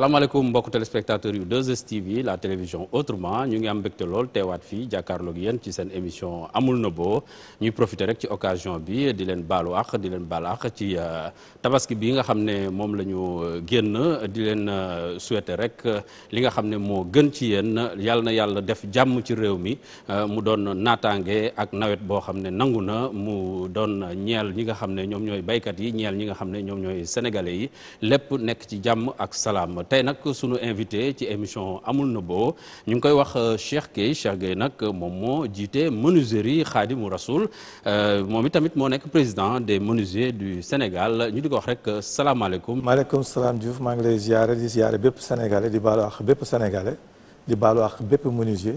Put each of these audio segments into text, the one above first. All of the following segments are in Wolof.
salaamaaleykum mbokk téléspectateurs yu 2STV la télévision autrement ñu ngi am mbégte lool teewaat fi jàkkaarloog yéen ci seen émission amul na boo ñuy profiter rek ci occasion bi di leen baalu àq di leen baal àq ci euh, tabaski bi nga xam ne moom la ñu euh, génn di leen euh, souhaiter rek li nga xam ne moo gën ci yéen yàlla na yàlla def jàmm ci réew mi mu doon naataange ak nawet boo xam ne nangu na mu doon ñeel ñi nga xam ne ñoom ñooy baykat yi ñeel ñi nga xam ne ñoom ñooy sénégalais yi lépp nekk ci jàmm ak salaam. tey nag sunu invité ci émission amul na bo ñu ngi koy wax euh, Cheikh Gueye Cheikh Gueye nag moom moo jiite menuiserie Khadimou Rasoul euh, moom i tamit moo nekk président des menuisiers du Sénégal ñu di ko wax rek euh, salaamaaleykum. maaleykum salaam Diouf maa ngi lay ziare di ziare bépp sénégalais di baalu àq bépp sénégalais di baalu àq bépp menuisier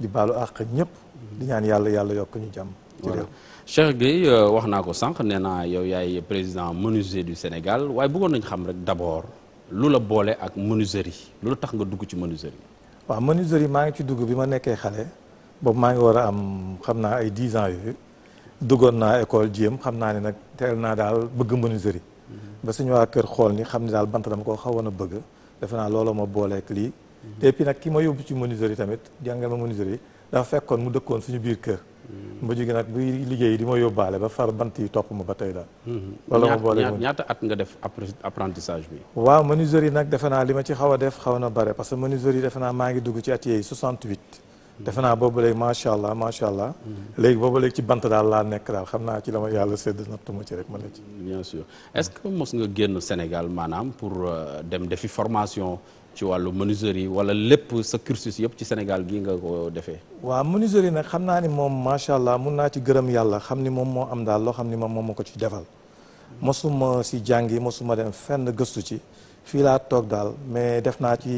di baalu àq ñëpp di ñaan yàlla yàlla yokk ñu jàmm. ci réew Cheikh Gueye wax naa ko sànq nee naa yow yaay président menuisier du Sénégal waaye bëggoon nañ xam rek d'abord. lu la boole ak menuiserie lu tax nga dugg ci menuiserie. waaw menuiserie maa ngi ci dugg bi ma nekkee xale boobu maa ngi war a am xam naa ay dix ans yooyu duggoon naa école jéem xam naa ne nag teel naa daal bëgg menuiserie. Mhm. ba suñu waa kër xool ni xam ni daal bant dama koo xawoon a bëgg defe naa looloo ma booleek lii. te mhm. puis nag ki ma yóbbu ci menuiserie tamit jàngal ma menuiserie dafa fekkoon mu dëkkoon suñu biir kër. mujj gi nag buy liggéey di ma yóbbaale ba far bant yi topp ma ba tey daal. wala mhm. ma boole ñaata at nga def apprentissage bi. waaw menuiserie nag defe naa li ma ci xaw a def xaw na bare parce que menuiserie defe naa maa ngi dugg ci at yii 68. Mhm. defe naa boobu léegi macha allah macha allah. Mhm. léegi boobu léegi ci bant daal laa nekk daal xam naa ci la ma yàlla sédd nattu ma ci rek ma ne ci. bien sûr est-ce que mos nga génn Sénégal maanaam pour euh, dem defi formation. ci wàllu yi wala lépp sa cursus yëpp ci Sénégal gii nga ko defee. waaw yi nag xam naa ni moom macha allah mun naa ci gërëm yàlla xam ni moom moo am daal loo xam ni moom moo ko ci defal. mosuma si jàngi mosuma dem fenn gëstu ci fii laa toog daal mais def naa ci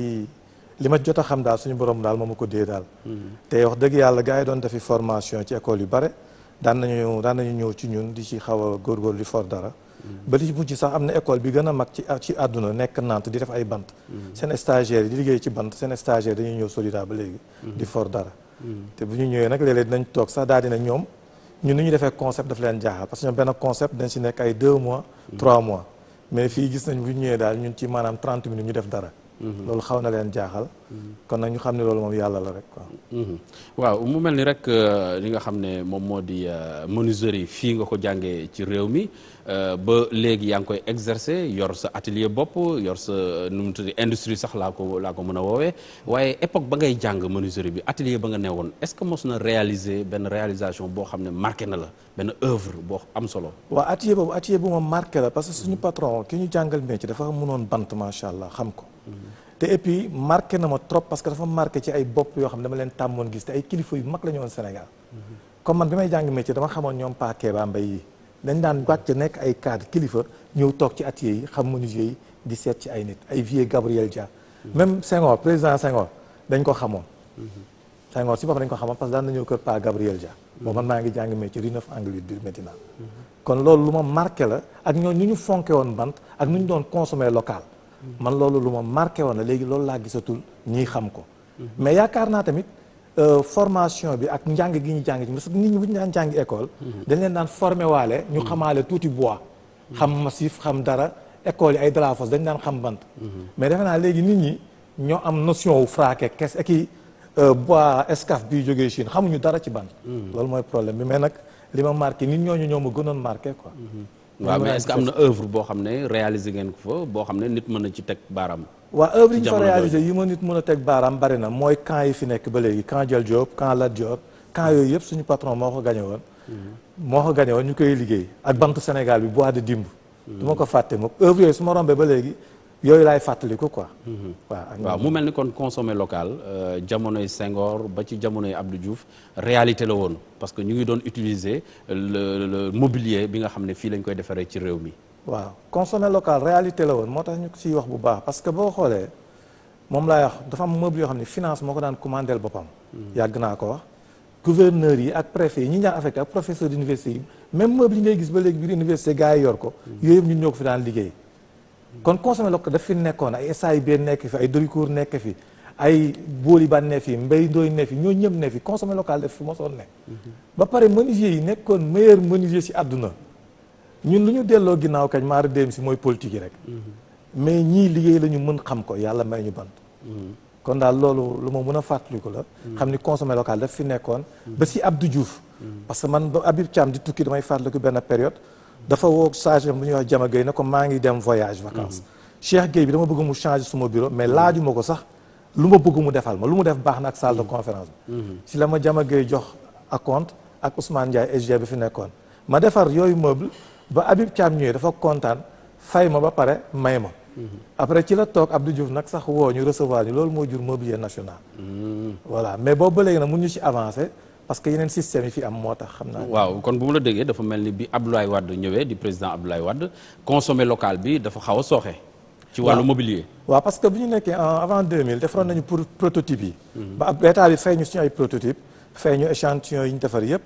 li ma jot a xam daal suñu borom daal moom ma ko dee daal. Mm-hmm. te wax dëgg yàlla gaa yi doon defi formation ci école yu bare daan nañu daan nañu ñëw ci ñun di ci xaw a góorgóorlu di dara. ba li ci mujj sax am na école bi gën a mag ci ci àdduna nekk Nantes di def ay bant mm-hmm. seen stagiaires di liggéey ci bant seen stagiaires dañuy ñëw Solida ba léegi di mm-hmm. for dara mm-hmm. te bu ñu ñëwee nag léeg-léeg dinañ toog sax daa dina ñoom ñun ni ñu defee concept daf leen jaaxal parce que ñoom benn concept dañ si nekk ay deux mois trois mois mais fii gis nañ bu ñu ñëwee daal ñun ci maanaam trente minutes ñu def dara Mm-hmm. loolu xaw na leen jaaxal. Mm-hmm. kon nag ñu xam ne loolu moom yàlla la rek quoi. Mm-hmm. waaw mu mel ni rek euh, li nga xam ne moom moo di euh, menuiserie fii nga ko jàngee ci réew mi euh, ba léegi yaa ngi koy exercer yor sa atelier bopp yor sa nu mu tudd industrie sax laa ko laa ko mën a woowee waaye époque ba ngay jàng menuiserie bi atelier ba nga ne woon est-ce que mos na réaliser benn réalisation boo xam ne marqué na la benn œuvre boo am solo. waa atelier boobu atelier bu ma marqué la parce que suñu patron ki ñu jàngal métier dafa mënoon bant allah xam ko. te et puis marqué na ma trop parce que dafa marqué ci ay bopp yoo xam ne dama leen tàmmoon gis te ay kilifa yu mag la ñu woon Sénégal. comme man bi may jàng métier dama xamoon ñoom Pa Kéba Mbaye yi dañ daan nekk ay cadre kilifa ñëw toog ci atelier yi xam menuisier yi di seet ci ay nit ay vieux Gabriel Dia. même Senghor président Senghor dañ ko xamoon. Senghor si boppam dañ ko xamoon parce na ñëw maa ngi jàng métier rue neuf angle kon loolu lu ma marqué la ak ñooñu ñu fonke woon bant ak nu ñu doon consommer local. man loolu lu ma marqué woon la léegi loolu laa gisatul ñiy xam ko. mais yaakaar naa tamit euh, formation bi ak njàng gi ñu jàng ci parce que nit ñi bu ñu daan jàng école. dañ leen daan formé waale. ñu xamaale tuuti bois. xam massif xam dara école yi ay drafos dañ daan xam bant. mais defe naa léegi nit ñi ñoo am notion wu fraqué kes ak i euh, bois escaf bi jógee Chine xamuñu dara ci bant. Hmm. loolu mooy problème bi mais nag li ma marqué nit ñooñu ñoo ma gënoon marqué quoi. waaw mais est-ce que am na œuvre boo xam ne réaliser ngeen ko fa boo xam ne nit mën na ci teg baaraam. waaw œuvre yi ñu fa réalisé yi ma nit mën a teg baaraam bari na mooy camp yi fi nekk ba léegi camp Jal Diop camp Lat Diop camp yooyu yëpp suñu patron moo ko gagné woon. Mhm. moo ko gagné woon ñu koy liggéey ak bantu Sénégal bi bois de dimb. Mhm. du ma ko fàttee moom œuvre yooyu su ma rombee ba léegi yooyu laay fàttaliku quoi. Mhm. waaw waaw mu mel ni kon consommer local euh, jamonoy Senghor ba ci jamono jamonoy Abdou Diouf réalité la woon parce que ñu ngi doon utiliser le mobilier bi nga xam ne fii lañ koy defaree ci réew mi. waaw consommer local réalité la woon moo tax ñu siy wax bu baax parce que boo xoolee moom laay wax dafa am meuble yoo xam ne finance moo ko daan commandeel boppam. Mhm. yàgg naa ko wax gouverneurs yi ak préfet yi ñu daan affecté ak professeur d'université yi même meuble yi ngay gis ba léegi biir université gars yi yor ko. Mhm. yooyu yëpp ñun ñoo fi daan liggéey. kon consommé local daf fi nekkoon ay SAIB nekk fi ay Doricourt nekk fi ay Bóoli bànnee ne fi Mbay Ndooy nekk fi ñoo ñëpp ne fi consommé local daf fi mosoon ba pare menuisier yi nekkoon meilleur menuisier si àdduna ñun lu ñu delloo ginnaaw kañ maara dem si mooy politique yi rek mais ñii liggéey la ñu mën xam ko yàlla may ñu bant kon daal loolu lu ma mën a fàttaliku la xam ni consommé local daf fi nekkoon ba si Abdou Diouf mm. parce que man ba Habib Thiam di tukki damay fàttaliku benn période dafa woo sage bu ñuy wax Jama Gueye ne ko maa ngi dem voyage vacances mhm. Cheikh Gueye bi dama bëgg mu changer suma bureau mais laaju ma ko sax lu ma bëgg mu defal ma lu mu def baax na ak salle de mhm. conférence bi mhm. si la ma Jama Gueye jox ak compte ak Ousmane Ndiaye SG bi fi nekkoon ma defar yooyu meuble ba Habib Thiam ñëwee dafa kontaan fay ma ba pare may ma après ci la toog du Diouf nag sax woo ñu recevoir ñu loolu moo jur mobilier national voilà mais boobu ba léegi nag mun ñu ci avancer parce que yeneen système yi fi am moo tax xam naa. waaw kon bu mu la déggee dafa mel ni bi Abdoulaye Wade ñëwee di président Abdoulaye Wade consommé local bi dafa xaw a sooxe. ci wàllu mobilier. waaw parce que bu ñu nekkee avant 2000 defaroon nañu pour prototype yi. Mhm. ba ab état bi fay ñu suñu ay prototype fay ñu échantillon yi ñu defar yëpp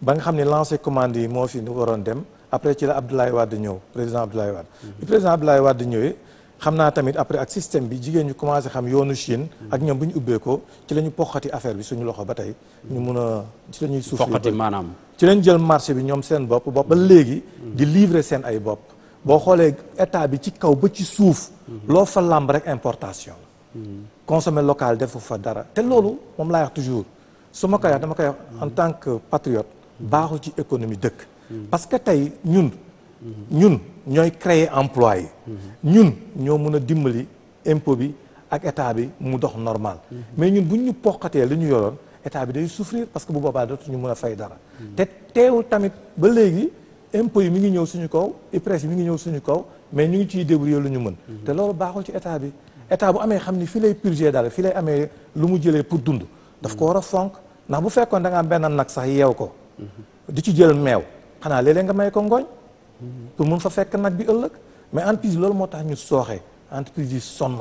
ba nga xam ne lancé commande yi moo fi waroon dem après ci la Abdoulaye Wade ñëw président Abdoulaye Wade. Mhm. bi président Abdoulaye ñëwee. xam naa tamit après ak système bi jigéen ñu commencé xam yoonu Chine ak ñoom bu ñu ubbee ko ci lañu ñu poqati affaire bi suñu loxo ba tey ñu mun a ci la suuf maanaam ci lañ jël marché bi ñoom seen bopp bopp ba léegi di livrer seen ay bopp boo xoolee état bi ci kaw ba ci suuf loo fa làmb rek importation consommer local defu fa dara te loolu moom laay wax toujours su ma koy wax dama koy wax en tant que patriote baaxu ci économie dëkk parce que tey ñun ñun ñooy créer emploi yi ñun ñoo mën a dimbali impôt bi ak état bi mu dox normal mais ñun buñ ñu poqatee li ñu yoroon état bi day souffrir parce que bu boobaa dootuñu mën a fay dara te teewul tamit ba léegi impôt yi mi ngi ñëw suñu kaw IPRES yi mi ngi ñëw suñu kaw mais ñu ngi ciy débrouiller lu ñu mën te loolu baaxul ci état bi état bu amee xam ni fii lay purger daal fii lay amee lu mu jëlee pour dund daf ko war a fonk ndax bu fekkoon da am benn nag sax yeew ko di ci jël meew xanaa léeg pour mun fa fekk nag bi ëllëg mais entreprise loolu moo tax ñu sooxe entreprise yi sonn.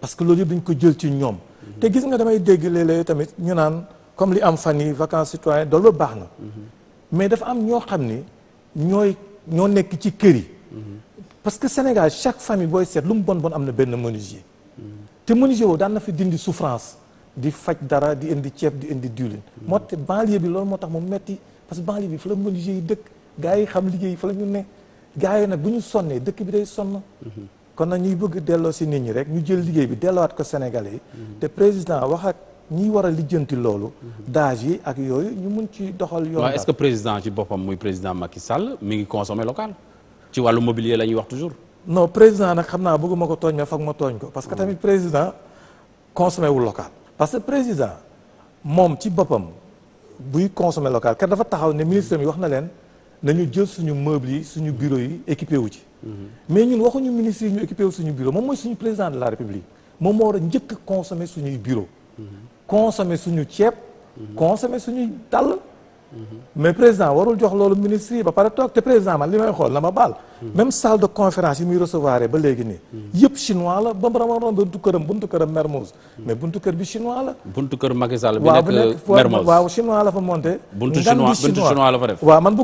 parce que loolu yëpp dañ ko jël ci ñoom. te gis nga damay dégg léeg tamit ñu naan comme li am fan yi vacances citoyennes loolu baax na. mais dafa am ñoo xam ni ñooy ñoo nekk ci kër yi. parce que Sénégal chaque famille booy seet lu mu bon bon am na benn menuisier. te menuisier woo daan na fi dindi souffrance di faj dara di indi ceeb di indi diwlin. moo te banlieue bi loolu moo tax mu metti parce que banlieue bi fa la dëkk. gars yi xam liggéey fa la ñu ne gars yi nag bu ñu sonnee dëkk bi day sonn kon na ñuy bëgg delloo si nit ñi rek ñu jël liggéey bi delloowaat ko sénégal yi te président wax ak ñi waral a lijjanti loolu daaj yi ak yooyu ñu mun ci doxal yoon est-ce que président ci boppam muy président Macky Sall mi ngi consommé local ci wàllu mobilier la ñuy wax toujours non président nag xam naa bëgguma ko tooñ mais foog ma tooñ ko parce que tamit président consommé wu parce que président moom ci boppam buy consommé local kat dafa taxaw ne ministre mi wax na leen nañu jël suñu meubles yi suñu bureau yi équipé wu ci. mais ñun waxuñu ministre yi ñu équipé suñu bureau moom mooy suñu président de la république moom moo war a njëkk a suñuy bureau mhm. consommer suñu ceeb. Mhm. consommer suñuy dàll. mais président warul jox loolu ministre yi ba pare toog te président man li may xool na ma baal. même salle de conférence yi muy recevoir ba léegi nii. yëpp chinois la ba mu ramoon buntu këram buntu mais buntu kër bi chinois la. kër Macky Sall bi nekk euh, Mermoz waaw la fa monté.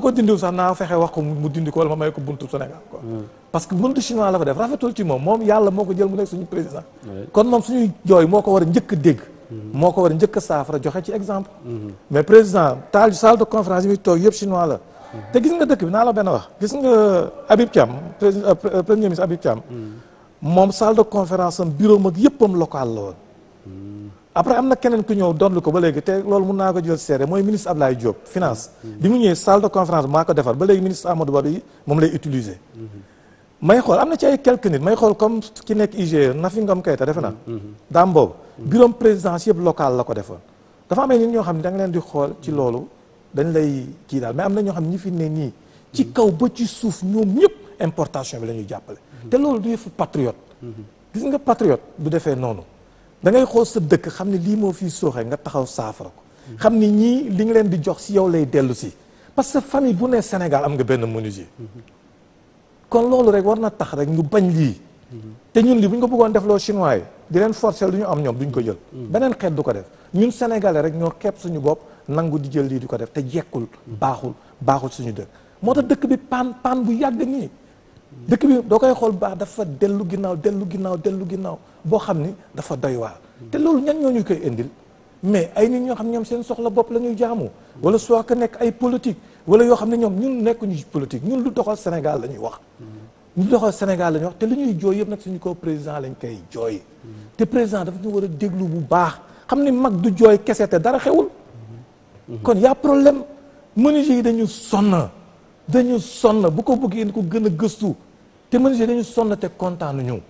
ko dindiw sax naa wax ko mu dindi ma may ko buntu Sénégal hmm. que buntu la fa def rafetul ci moom moom yàlla moo ko jël mu nekk suñu président. kon moom suñuy jooy moo ko war a njëkk a dégg. moo ko war a njëkk saafara joxe ci exemple. mais président taal salle de conférence bi toog yëpp chinois la. te gis nga dëkk bi naa la benn wax gis nga euh, Habib Thiam président euh, euh, premier ministre Habib Thiam. moom salle de conférence am bureau mag yëppam local la woon. après am na keneen ku ñëw donlu ko ba léegi te loolu mun naa ko jël seere mooy ministre Ablaye Diop finance. bi mu ñëwee salle de conférence maa ko defar ba léegi ministre Amadou Ba bi moom lay utiliser. may xool am na ci ay quelques nit xool comme ki nekk IGE Nafi Ngom Keïta defe naa. daam bureau présidence yëpp local la ko defoon dafa amee nit ñoo xam ne danga leen di xool ci loolu dañ lay kii daal mais am na ñoo xam ne ñi fi ne nii ci kaw ba ci suuf ñoom ñëpp importation bi la ñuy jàppale te loolu du yëfu patriote gis nga patriote du defee noonu dangay ngay xool sa dëkk xam ne lii moo fii sooxee nga taxaw saafara ko xam ni ñii li nga leen di jox si yow lay dellu si parce que famille bu ne Sénégal am nga benn menuisier kon loolu rek war na tax rek ñu bañ lii te ñun lii bu ñu ko bëggoon defloo chinois yi di leen forcer lu ñu am ñoom duñ ko jël mm. beneen xeet du ko def ñun sénégalais rek ñoo xeeb suñu bopp nangu di jël lii di ko def te jekkul mm. baaxul baaxul suñu dëkk moo tax dëkk bi paan paan bu yàgg nii dëkk bi doo koy xool baax dafa dellu ginnaaw dellu ginnaaw dellu ginnaaw boo xam ni dafa doy waar mm. te loolu ñan ñoo ñu koy indil mais ay nit ñoo xam ñoom seen soxla bopp la ñuy jaamu wala soit que nekk ay politique wala yoo xam ne ñoom ñun nekkuñu politique ñun lu doxal Sénégal la ñuy wax ñu doxal Sénégal la ñu wax te li ñuy jooy yëpp nag suñu ko président lañu koy jooy te président dafa ñu war a déglu bu baax xam ni mag du jooy kese te dara xewul kon y a problème menuisier yi dañu sonn dañu sonn bu ko bëggee ni ko gën a gëstu te menuisier dañu sonn te kontaanuñu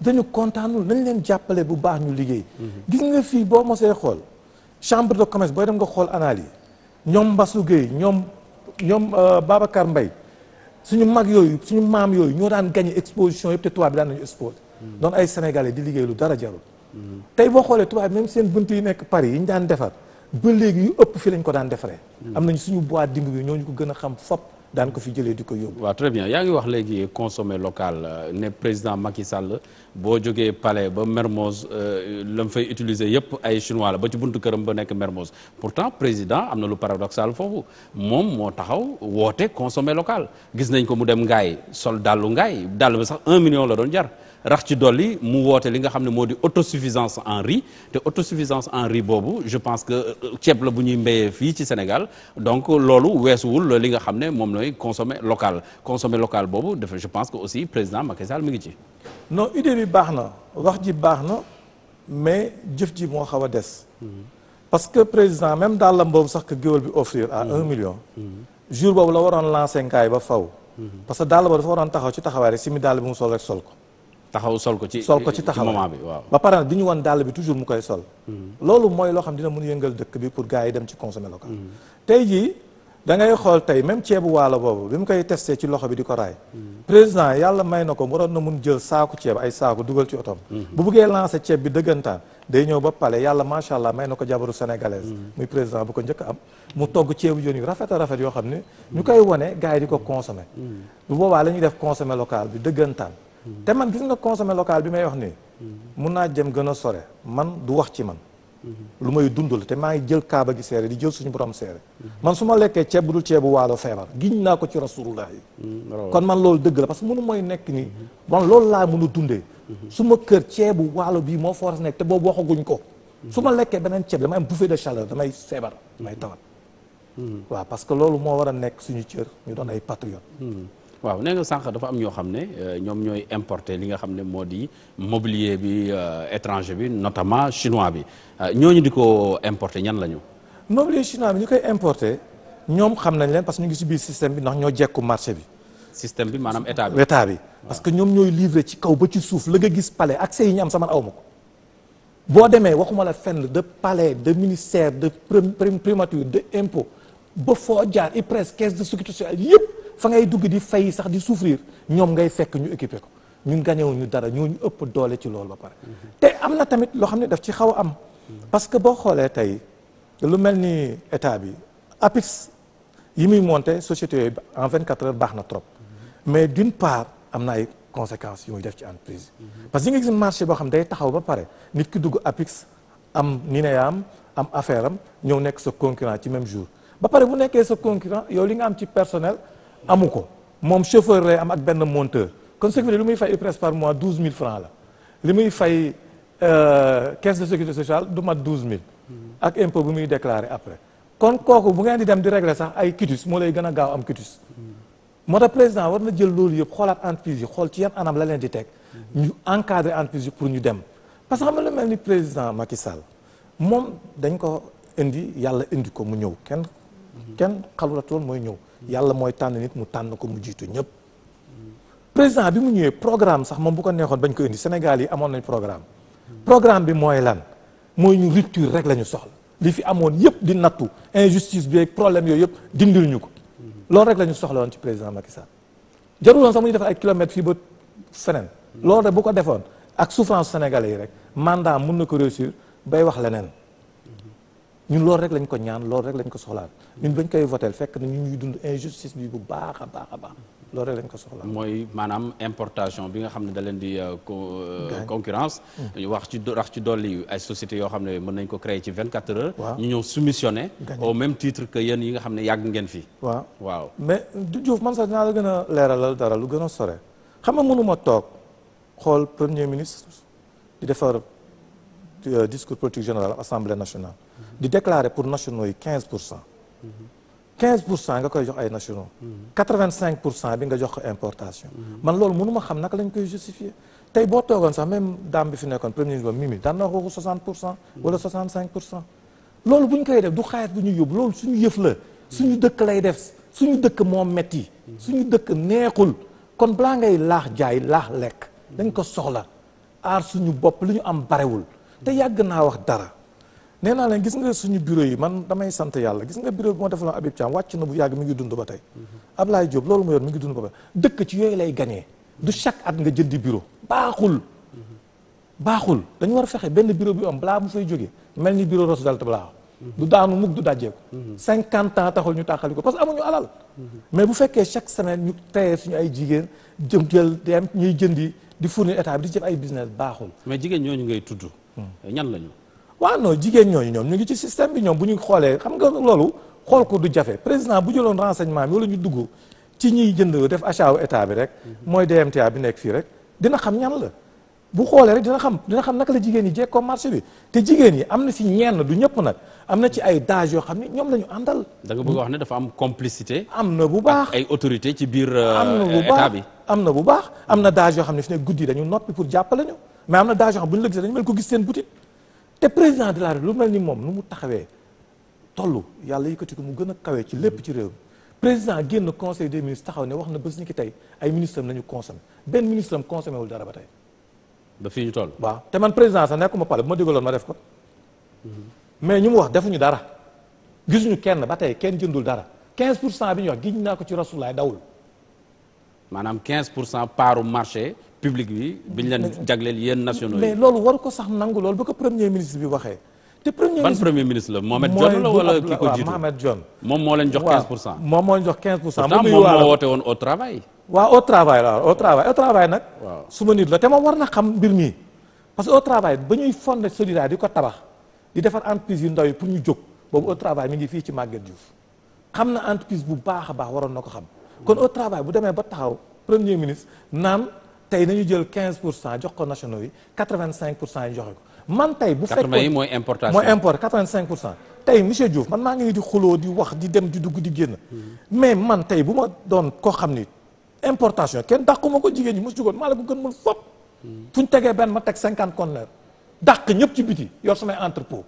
dañu kontaanul nañ leen jàppale bu baax ñu liggéey gis nga fii boo mosee xool chambre de commerce booy dem nga xool analyse ñoom Mbassou Gueye ñoom ñoom euh, Babacar Mbaye suñu mag yooyu suñu maam yooyu ñoo daan gagné exposition yëpp te tubaab bi daan nañu exposé. Hmm. doon ay sénégalais di liggéey lu dara jarul. Hmm. tey boo xoolee tubaab même seen bunt yu nekk Paris yi ñu daan defar ba léegi yu ëpp fi lañ ko daan defaree. Hmm. am nañ suñu boîte dimb bi ñoo ñu ko gën a xam fop daan ko fi jëlee di ko yóbbu. waaw très bien yaa ngi wax léegi consommer local euh, ne président Macky Sall boo jógee Palais ba Mermoz euh, la mu fay utiliser yëpp ay chinois la ba ci buntu këram ba nekk Mermoz pourtant président am na lu paradoxal foofu moom moo taxaw woote consommer local gis nañ ko mu dem Ngaye sol dàllu Ngaye dàll ba sax un million la doon jar. rax ci dolli mu woote li nga xam ne moo di autosuffisance en riz te autosuffisance en riz boobu je pense que euh, ceeb la bu ñuy mbéyee fii ci Sénégal donc loolu weesuwul li nga xam ne moom looy consommer local consommer local boobu dafa je pense que aussi président Macky Sall mi ngi ci. non idée bi baax na wax ji baax na mais jëf ji moo xaw a des. parce que président même daal la boobu sax que géwél bi offrir à un million. jour boobu la waroon lancer ngaay ba faw mm-hmm. ba dafa waroon taxaw ci taxawaay rek si mi daal bi sol rek taxaw sol ko ci sol ko ci taxaw bi waaw ba pare di ñu wan dàll bi toujours mu koy sol loolu mooy loo xam dina mun yëngal dëkk bi pour gars yi dem ci consommer local tey jii da ngay xool tey même ceebu waalo boobu bi mu koy testé ci loxo bi di ko raay président yàlla may na ko waroon na mun jël saaku ceeb ay saaku dugal ci otom bu buggee lancé ceeb bi dëggantaan day ñëw ba pale yàlla macha allah may na ko jabaru sénégalaise muy président bu ko njëkk am mu togg ceebu jën yu rafet rafet yoo xam ne ñu koy wone gars yi di ko consommé bu boobaa la ñuy def consommé local bi dëggantaan te man gis nga consommé local bi may wax nii. mun naa jëm gën a sore man du wax ci man. lu may dundal te maa ngi jël kaaba gi seere di jël suñu borom seere man su ma lekkee ceeb bu dul ceebu waalo feebar giñ naa ko ci rasulullah yi mm, kon man loolu dëgg la parce que mënu mooy nekk nii man loolu laa mën a dundee su ma kër ceebu waalo bii moo force nekk te boo waxaguñ ko su ma lekkee beneen ceeb damay am bouffée de chaleur damay feebar damay tawat mm. waa parce que loolu moo war a nekk suñu cër ñu doon ay patriote mm. waaw nee nga sànq dafa am ñoo xam ne euh, ñoom ñooy importer li nga xam ne moo di mobilier bi euh, étranger bi notamment chinois bi euh, ñooñu di ko importer ñan lañu. mobilier chinois bi ñu koy importer ñoom xam nañ leen parce que ñu ngi ci biir système bi ndax ñoo jekku marché bi. système bi maanaam état bi bi. parce que ñoom ñooy livrer ci kaw ba ci suuf la nga gis palais accès yi ñu am sama aw ma ko. boo demee waxuma la fen de pale de ministère de primature de impôt ba foo jaar IPRES caisse de sécurité sociale yëpp. fa ngay dugg di fay sax di souffrir ñoom ngay fekk ñu équipé ko ñun gañewuñu dara ñu ëpp doole ci loolu ba pare. te am na tamit loo xam ne daf ci xaw a am. parce que boo xoolee tey lu mel ni état bi APIX yi muy monté société yooyu en vingt quatre baax na trop mais d'une part am na ay conséquences yu muy def ci entreprise. parce que ñu gis marché boo xam day taxaw ba pare nit ki dugg APIX am nineyaam am affaire am ñëw nekk sa concurrent ci même jour ba pare bu nekkee sa concurrent yow li am ci personnel. amu ko moom chauffeur lay am ak benn monteur kon ce qui muy fay IPRES par mois douze mille francs la li muy fay euh, caisse de sécurité sociale du mat douze mille mm-hmm. ak impôt bu muy déclaré après kon kooku bu ngeen di dem di régler sax ay quitus moo lay gën a gaaw am quitus mm-hmm. moo tax président war na jël loolu yëpp xoolaat entreprise yi xool ci yan anam la leen di teg mm-hmm. ñu encadrer entreprise yi pour ñu dem parce que xam nga lu mel ni président Macky Sall moom dañ ko indi yàlla indi ko mu ñëw kenn kenn xalulatul mooy ñëw yàlla mooy tànn nit mu tànn ko mu jiitu ñëpp. président bi mu ñëwee programme sax moom bu ko neexoon bañ ko indi Sénégal yi amoon nañ programme. programme bi mooy lan mooy ñu rupture rek la ñu soxla li fi amoon yëpp di nattu injustice bi ak problème yooyu yëpp dindil ñu ko. loolu rek la ñu soxla woon ci président Macky Sall jaruloon sax mu ñu def ay kilomètres fii ba feneen. loolu rek bu ko defoon ak souffrance sénégalais yi rek mandat mun na ko réussir bay wax leneen. ñun loolu rek lañ ko ñaan loolu rek lañ ko soxlaal ñun bañ koy votel fekk na ñu ñuy dund injustice bi bu baax a baax a baax loolu rek lañ ko soxla mooy maanaam importation bi nga xam ne da leen di euh, euh, concurrence hmm. wax ci wax ci dolli ay sociétés yoo xam ne mën nañ ko créer ci vingt 24 heures ñu ñëw soumissionné au même titre que yéen yi nga xam ne yàgg ngeen fii waa waaw mais du Diouf man sax dinaa la gën a leeralal dara lu gën a sore xam nga mënuma toog xool premier ministre di defar euh, discours politique général assemblée nationale di déclarer pour nationaux yi quinze pour cent quinze pour cent nga koy jox ay nationaux quatre vingt cinq pour cent bi nga jox ko importation man loolu mënuma xam naka lañ koy justifier tey boo toogoon sax même daam bi fi nekkoon premier ministre Mimi daan na ko soixante pour cent wala soixante cinq pour cent loolu bu ñu koy def du xaalis bu ñu yóbbu suñu yëf la suñu dëkk lay def suñu dëkk moom metti suñu dëkk neexul kon balaa ngay laax jaay laax lekk dañ ko soxla aar suñu bopp lu ñu am barewul te yàgg naa wax dara nee naa leen gis nga suñu bureau yi man damay sant yàlla gis nga bureau bi moo defaloon Habib Thiam wàcc na bu yàgg mi ngi dund ba tey Ablaye Diop loolu mu yor mi ngi dund ba tey dëkk yooyu lay gañee du chaque at nga jëndi bureau baaxul baaxul dañu war fexe benn bureau bi am balaa mu fay mel ni bureau rosu dal te balaa du daanu mukk du ko cinquante ans taxul ñu tàqali ko parce que amuñu alal mais bu fekkee chaque semaine ñu tayee suñu ay jigéen jëm jël dem ñuy jëndi di fournir état bi di jëf ay business baaxul mais jigéen ñooñu ngay tudd hmm. ñan lañu waaw non jigéen ñooñu ñoom ñu ngi ci système bi ñoom bu ñu xoolee xam nga loolu xool ko du jafe président bu jëloon renseignement bi wala ñu dugg ci ñiy jënd def achat état bi rek mhm. mooy DMTA bi nekk fii rek dina xam ñan la bu xoolee rek dina xam dina xam naka la jigéen yi jekkoo marché bi te jigéen yi am na si ñenn du ñëpp nag am na ci ay dage yoo xam ne ñoom la ñu àndal. da nga bëgg wax ne dafa am complicité. am na bu baax ay autorité ci biir. Euh, état bi am na bu baax am na bu yoo xam ne fi ne guddi dañu pour jàppale ñu mais am na dage yoo xam bu gis seen boutique te président de la République lu mel ni moom nu mu taxawee toll yàlla yëkkati ko mu gën a kawee ci lépp ci réew mi président génn conseil des ministres taxaw ne wax na bés ni ki tey ay ministres am nañu consommé benn ministre am consommé wul dara ba tey. ba fii ñu toll. waaw te man président sax nekkuma pale bu ma dégaloon ma def ko. mais ñu mu wax defuñu dara. gisuñu kenn ba tey kenn jëndul dara quinze pour cent bi ñu wax giñ naa ko ci rasulaay dawul. maanaam pour cent paaru marché. public bi bi ñu leen jagleel yéen nationaux yi. mais loolu war ko sax nangu loolu ba ko premier ministre bi waxee. te premier ministre ban premier ministre la Mohamed Dionne la wala ki ko jiitu Mohamed Dionne. moom moo leen jox 15 pour cent. moom moo leen jox 15 pour cent. mu ngi moom moo woote woon au travail. waaw au travail waaw au travail au travail nag. waaw suma nit la te moom war na xam mbir mi. parce que au travail ba ñuy fondé Solida di ko tabax di defar entreprise yu ndaw yi pour ñu jóg boobu au travail mi ngi fii ci Maguette Diouf xam na entreprise bu baax a baax waroon na ko xam. kon au travail bu demee ba taxaw premier ministre naan. tey nañu jël 15 pour cent jox ko nationaux yi 85 pour cent yi joxe ko man tey bu fekkoon 80 yi mooy importation mooy import 85 pour cent tey monsieur Diouf man maa ngi nii di xuloo di wax di dem di dugg di génn. mais man tey bu ma doon koo xam ni importation kenn dàquma ko jigéen ñi mosu ko maa la ko gën mën fop fu ñu tegee benn ma teg 50 conteneur dàq ñëpp ci biti yor samay entrepôt.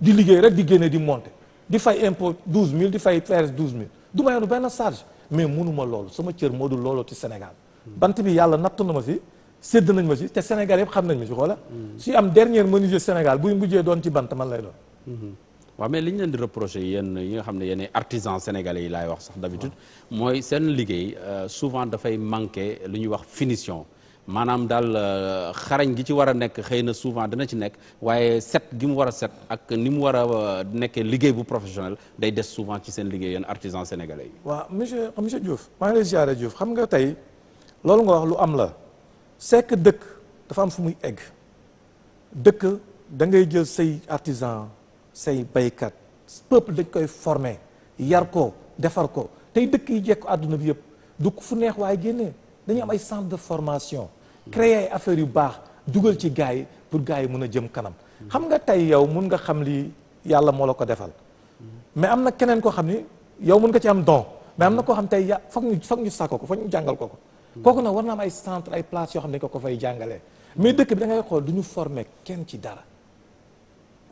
di liggéey rek di génne di monter di fay impôt mille di fay treize 12000 du ma yor benn charge mais mënuma loolu sama cër moo looloo ci Sénégal. bant bi yàlla natt na ma fi sédd nañ ma ci te Sénégal yëpp xam nañ ma ci xoola su am dernier menuisier Sénégal buy mujjee doon ci bant man lay doon mm-hmm. waaw mais li ñu leen di reproché yéen yi nga xam ne yéenay artisan sénégalais yi laay wax sax d'habitude mooy seen liggéey euh, souvent dafay manqué lu ñuy wax finition maanaam daal euh, xarañ gi ci war a nekk xëy na souvent dana ci nekk waaye set gi mu war a set ak ni mu war a euh, nekkee liggéey bu professionnel day des souvent ci seen liggéey yéen artisan loolu nga wax lu am la c'est dëkk dafa am fu muy egg dëkk da ngay jël say artisan say baykat peuple dañ koy former yar ko defar ko tey dëkk yi jekk àdduna bi yëpp du fu neex waaye génnee dañu am ay centre de formation créer ay affaires yu baax dugal ci gars yi pour gars yi mën a jëm kanam xam nga tey yow mun nga xam li yàlla moo la ko defal mais am na keneen koo xam ni yow mun nga ci am don mais am na koo xam tey ya foog ñu foog ñu sàkko ko foog ñu jàngal ko ko kooku nag war na am ay centre ay place yoo xam ne ko ko fay jàngalee mais dëkk bi da ngay xool du ñu former kenn ci dara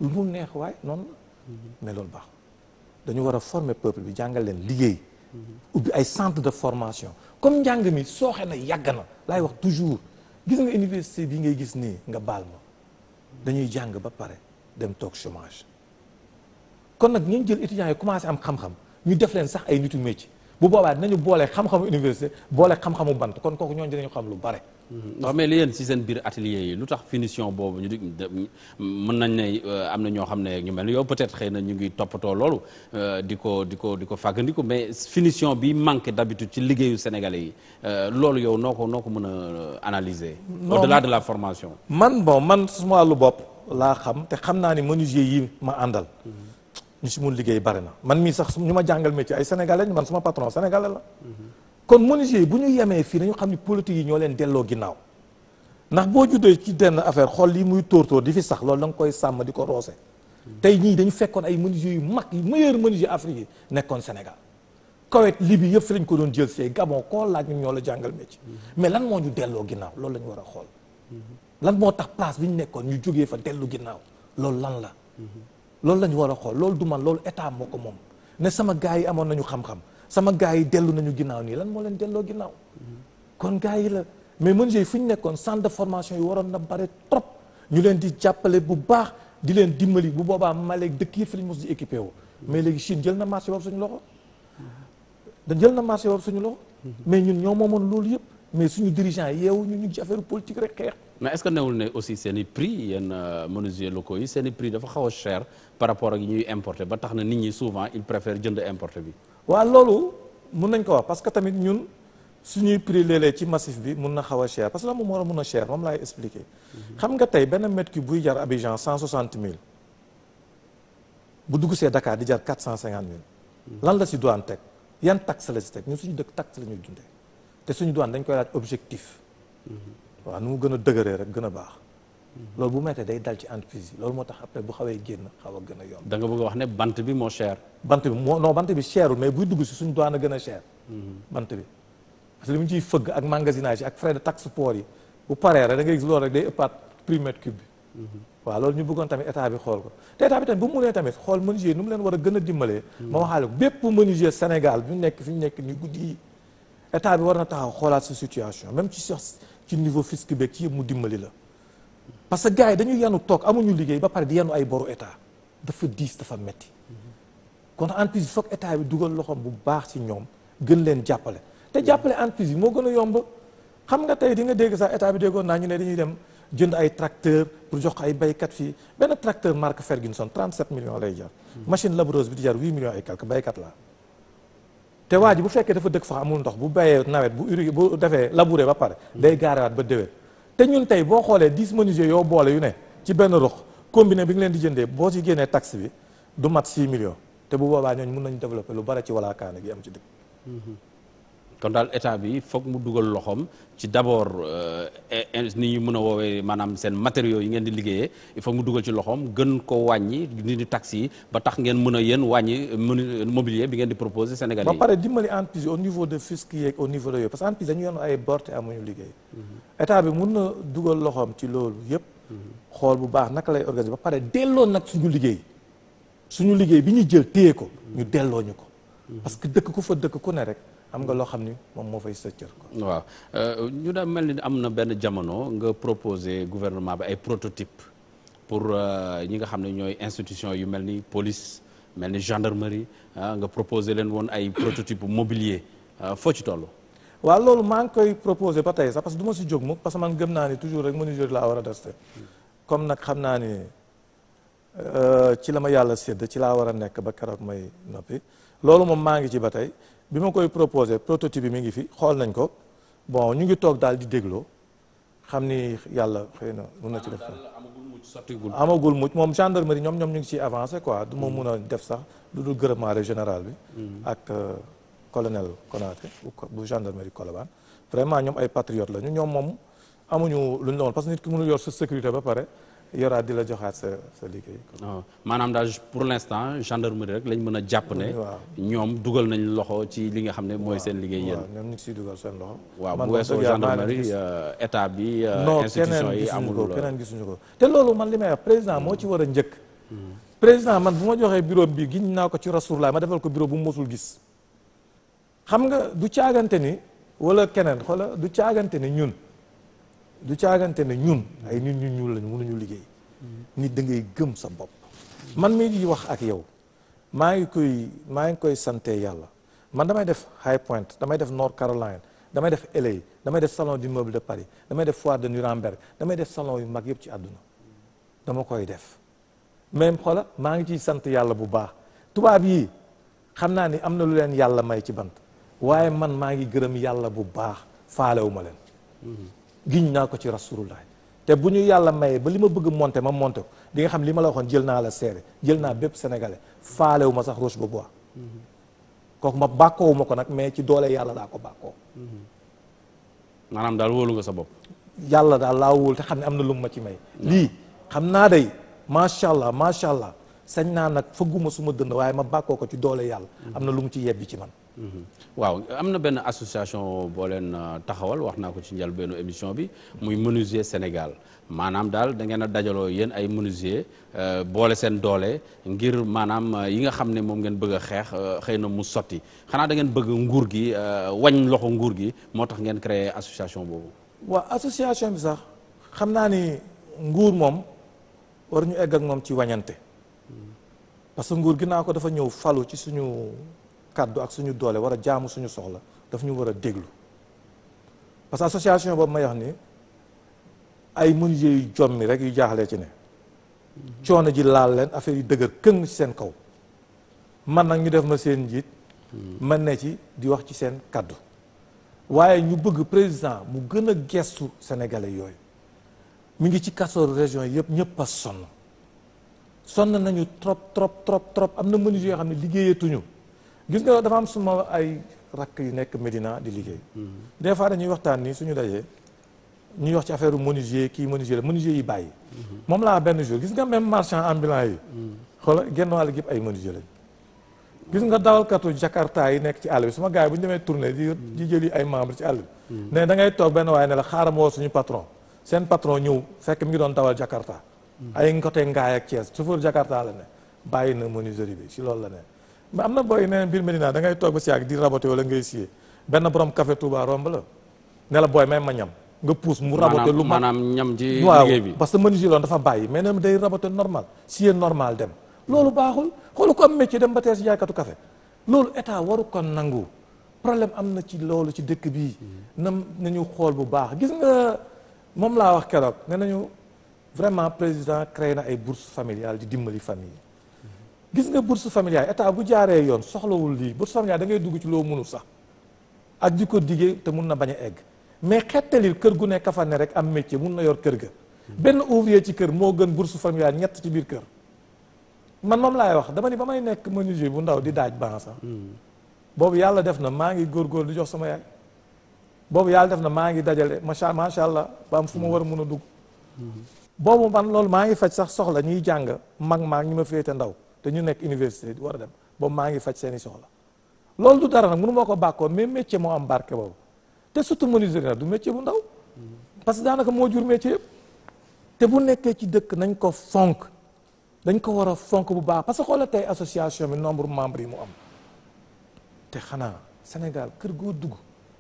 lu mu neex waaye noonu la mm-hmm. mais loolu baax dañu war a former peuple bi jàngal leen liggéey mm-hmm. ubbi ay centre de formation comme njàng mi sooxe na yàgg na laay wax toujours gis nga université bi ngay gis nii nga baal ma dañuy jàng ba pare dem toog chômage kon nag ñu jël étudiants yi commencé am xam-xam ñu def leen sax ay nitu métier bu boobaa dinañu boolee xam-xamu université boole xam-xamu bant kon kooku ñooñu dinañu xam lu bare. mais li yéen si seen biir atelier yi lu tax finition boobu ñu di mën nañ ne euh, am na ñoo xam ne ñu mel ne yow peut-être xëy na ñu ngi toppatoo loolu euh, di ko di ko di ko fàggandiku mais finition bi manqué d'habitude ci liggéeyu sénégalais yi euh, loolu yow noo ko noo ko mën a analyser. au-delà de la formation. man bon man suma lu bopp laa xam te xam naa ni si yi ma àndal. Mhm. ñu si mun liggéey bari na man mii sax ñu ma jàngal métier ay sénégalais man sama patron sénégalais la. kon menuisier bu ñu yemee fii nañu xam ni politique yi ñoo leen delloo ginnaaw ndax boo juddee ci denn affaire xool lii muy tóortóor di fi sax loolu danga koy sàmm di ko roose. tey ñii dañu fekkoon ay menuisier yu mag yu meilleur menuisier Afrique yi nekkoon Sénégal. Koweït Libye yëpp fi lañ ko doon jël see Gabon koo laaj ñun ñoo la jàngal métier. mais lan moo ñu delloo ginnaaw la ñu war a xool. lan moo tax place bi ñu nekkoon ñu jógee fa dellu ginnaaw loolu lan la. loolu la ñu war a xool loolu du man loolu état moo ko moom ne sama gars yi amoon nañu xam-xam sama gars yi dellu nañu ginnaaw nii lan moo leen delloo ginnaaw kon gars yi la mais mën jey fu ñu nekkoon centre de formation yi waroon na bare trop ñu leen di jàppale bu baax di leen dimbali bu boobaa Maleek dëkk yëpp lañ mos di équipé wu mais léegi Chine jël na marché boobu suñu loxo da jël na marché boobu suñu loxo mais ñun ñoo moomoon loolu yëpp mais suñu dirigeant yeewu ñu ñu ci affaire politique rek xeex mais newul ne aussi seen i prix yenn euh, menuisiers locaux yi seen i prix dafa xaw a par rapport ak yi ñuy importer ba tax na nit ñi souvent ils préfèrent jënd importer bi. waa loolu mun nañ ko wax parce que tamit ñun suñuy prix léeg-léeg ci massif bi mun na xaw a cher parce que la moom war a mun a cher moom laay expliqué. Mhm. xam nga tey benn mètre cube buy jar Abidjan cent soixante mille bu dugg see Dakar di jar quatre cent cinquante mille. Mhm. lan la si douane teg yan taxe la si teg ñun suñu dëkk taxe la ñuy dundee te suñu douane dañ koy laaj objectif. Mhm. waaw nu mu gën a dëgëree rek gën a baax. loolu bu mettee day dal ci entreprise yi loolu moo tax après bu xawee génn xaw a gën a yomb. da bëgg a wax ne bant bi moo cher. bant bi moo non bant bi cherul mais buy dugg si suñu doon a gën a cher. Mhm. bant bi parce que li mu ciy fëgg ak magasinage yi ak frais tax taxe port yi bu paree rek da ngay gis loolu rek day ëppaat prix mètre bi. Mhm. waaw loolu ñu bëggoon tamit état bi xool ko te état bi tamit bu mu mënee tamit xool menuisier nu mu leen war a gën a dimbalee. ma mhm. waxaale ko bépp menuisier Sénégal bi nekk fi ñu nekk nii guddi état bi war na taxaw xoolaat sa situation même ci sax ci niveau fisc beeg ci mu dimbali la parce que gars yi dañuy yanu toog amuñu liggéey ba pare di yanu ay boru état dafa diis dafa metti kon entreprise bi foog état bi dugal loxoom bu baax ci ñoom gën leen jàppale te jàppale entreprise yi moo gën a yomb xam nga tey di nga dégg sax état bi déggoon naa ñu ne dañuy dem jënd ay tracteur pour jox ay baykat fii benn tracteur marque Ferguson 37 millions lay jar machine laboureuse bi di jar 8 millions ay quelque baykat laa te waa ji bu fekkee dafa dëkk fa amul ndox bu bayee nawet bu uri bu defee labouré ba pare day gaarewaat ba déwén te ñun tey boo xoolee dix menuisiers yoo boole yu ne ci benn rox combiné bi nga leen di jëndee boo ci génnee tax bi du mat six million te bu boobaa ñooñu mun nañu développer lu bari ci walaakaane gi am ci dëkk. kon daal état bi foog mu dugal loxoom ci d'abord euh, ni ñu mën a woowee maanaam seen matériaux yi ngeen di liggéeyee il faut mu dugal ci loxoom gën ko wàññi ni di taxi yi ba tax ngeen mën a yéen wàññi mobilier bi ngeen di proposer Sénégalais yi. ba pare dimbali entreprise au niveau de fisc yeeg au niveau de yooyu parce que entreprise dañu yoon ay bor te amuñu liggéey. Mm-hmm. état bi mun na dugal loxoom ci loolu yëpp. Mm-hmm. xool bu baax naka lay organiser ba pare delloo nag suñu liggéey suñu liggéey bi ñu jël téye ko. ñu delloo ñu ko. Mm-hmm. parce que dëkk ku fa dëkk ku ne rek. am nga loo xam ni moom moo fay sëccër quoi. waaw euh, ñu daal mel ni am na benn jamono nga proposé gouvernement bi ay prototype pour euh, ñi nga xam ne ñooy institution yu mel ni police mel ni gendarmerie ah, nga proposé leen woon ay prototype mobilier euh, foo ci toll. waaw loolu maa ngi koy proposé ba tey sax parce que si jóg moom parce que man gëm naa ni toujours rek menuisier laa war a des comme nag xam naa ni ci la ma yàlla sédd ci laa war a nekk ba keroog may noppi ngi ci ba tey. bi ma koy proposé prototype bi mi ngi fi xool nañ ko bon ñu ngi toog daal di dégloo xam ni yàlla xëy na mun na ci def amagul mucc moom gendarmerie ñoom ñoom ñu ngi ciy avancé quoi du ma mun a def sax lu dul gërëmaare général bi mm-hmm. ak euh, colonel Konaté bu gendarmerie Colobane vraiment ñoom ay patriotes la ñu ñoom moom amuñu lu ñu la woon parce que nit ki mënul yor sa sécurité ba pare yoraat di la joxaat sa sa liggéey. Oh, maanaam daal pour l'instant gendarmerie rek lañ mën a jàpp ne. ñoom dugal nañ loxo ci li nga xam ne mooy seen liggéey yéen. ñoom ñu si siy dugal seen loxo. waaw bu weesoo gendarmerie euh, état bi. Euh, institution yi amul non euh, keneen gisuñu ko te loolu man li may wax président moo ci war a njëkk. président man bu ma joxee bureau bi giñ naa ko ci Rasulullah ma defal ko bureau bu mu mosul gis. xam nga du caagante ni wala keneen xoola du caagante ni ñun. lu caagante ne ñun ay nit ñu ñuul lañu ñu liggéey nit da ngay gëm sa bopp man mi di wax ak yow maa ngi koy maa ngi koy sante yàlla man damay def High Point damay def North Carolina damay def LA damay def salon du meuble de Paris damay def foire de Nuremberg damay def salon yu mag yëpp ci àdduna dama koy def même xoola maa ngi ciy sant yàlla bu baax tubaab yi xam naa ni am na lu leen yàlla may ci bant waaye man maa ngi gërëm yàlla bu baax faalewu leen mm-hmm. giñ naa ko ci rasulullah te bu ñu yàlla mayee ba li ma bëgg monte ma monté ko di xam li ma la waxoon jël naa la seere jël naa bépp sénégalais faalewu ma sax roche ba waa mm-hmm. kooku ma bàkkoowu ma ko nag mais ci doole yàlla laa ko bàkkoo mm-hmm. maanaam daal wóolu nga sa bopp yàlla daal laa wóolu te xam ne am na lu ma ci may mm-hmm. lii xam naa day macha allah macha allah sañ naa nag fëgguma suma dënd waaye ma bàkkoo ko ci doole yàlla am na lu mu ci yebbi ci man waaw am na benn association boo leen euh, taxawal wax naa ko ci njëlbéenu émission bi muy menuisier Sénégal maanaam daal da ngeen a dajaloo yéen ay menuisier euh, boole seen doole ngir maanaam euh, yi nga xam ne moom ngeen bëgg a xeex xëy na mu sotti xanaa da ngeen bëgg nguur gi wañ loxo nguur gi moo tax ngeen créé association boobu. waa association bi sax xam naa ni nguur moom war ñu egg ak moom ci wañante parce que nguur gi naa ko dafa ñëw falu ci suñu. kàddu ak suñu doole war a jaamu suñu soxla daf ñu war a déglu parce que association boobu may wax ni ay menuisiers yu jommi rek yu jaaxlee ci ne coono ji laal leen affaire yu dëgër këng ci seen kaw man nag ñu def ma seen njiit man ne ci di wax ci seen kàddu waaye ñu bëgg président mu gën a gestu sénégalais yooyu mu ngi ci quatorze régions yëpp ñëpp a sonn sonn nañu trop trop trop trop am na menuisier yoo xam ne liggéeyatuñu gis nga dafa am suma ay rakk yu nekk Medina di liggéey. Mm-hmm. des fois dañuy waxtaan ni suñu dajee ñuy wax ci affaire kii menuisier la yi bàyyi. Mm-hmm. moom laa benn jour gis nga même marchand ambulant yi. Mm-hmm. xoola genn wàll gépp ay menuisier gis nga dawalkatu Jakarta yi nekk ci àll bi suma gars bu ñu demee tournée di di jëli ay membre ci àll bi. ne da ngay toog benn waaye ne la xaaram woo suñu patron. seen patron ñëw fekk mi ngi doon dawal Jakarta. ay ngote ngaay ak Thiès chauffeur Jakarta la ne bàyyi na menuiserie bi si loolu la ne. mais am na booy nee biir Medina da ngay toog ba si yàgg di raboté wala ngay siyee benn borom café Touba romb la ne la booy may ma ñam nga puus mu raboté lu ma maanaam ñam ji liggéey bi waaw parce que menuisier loon dafa bàyyi mais ne day raboté normal siyee normal dem loolu baaxul xoolu ko am métier dem ba tee si jaaykatu café loolu état waru ko nangu problème am na ci loolu ci dëkk bii nam nañu xool bu baax gis nga moom laa wax keroog ne nañu vraiment président créé na ay bourses familiales di dimbali famille gis nga bourse familiale état bu jaaree yoon soxlawul lii bourse familiale da ngay dugg ci loo mënul sax ak di ko diggee te mun na bañ a egg mais xettalil kër gu nekk fa ne rek am métier mun na yor kër ga. benn ouvrier ci kër moo gën bourse familiale ñett ci biir kër. man moom laay wax dama ni ba may nekk menuisier bu ndaw di daaj ban sax. Hmm. boobu yàlla def na maa ngi góor góor di jox sama yaay. boobu yàlla def na maa ngi dajale macha macha allah ba am ma war a mun a dugg. Hmm. boobu man loolu maa ngi faj sax soxla ñuy jàng mag maag ñi ma féete ndaw. te ñu nekk université war a dem boobu maa ngi faj seeni i soxla loolu du dara nag mënu moo ko bàkkoo mais métier moo am barke boobu te surtout menuiserie nag du métier bu ndaw parce que daanaka moo jur métier yëpp te bu nekkee ci dëkk nañ ko fonk dañ ko war a fonk bu baax parce que xoola tey association bi nombre membre yi mu am te xanaa Sénégal kër goo dugg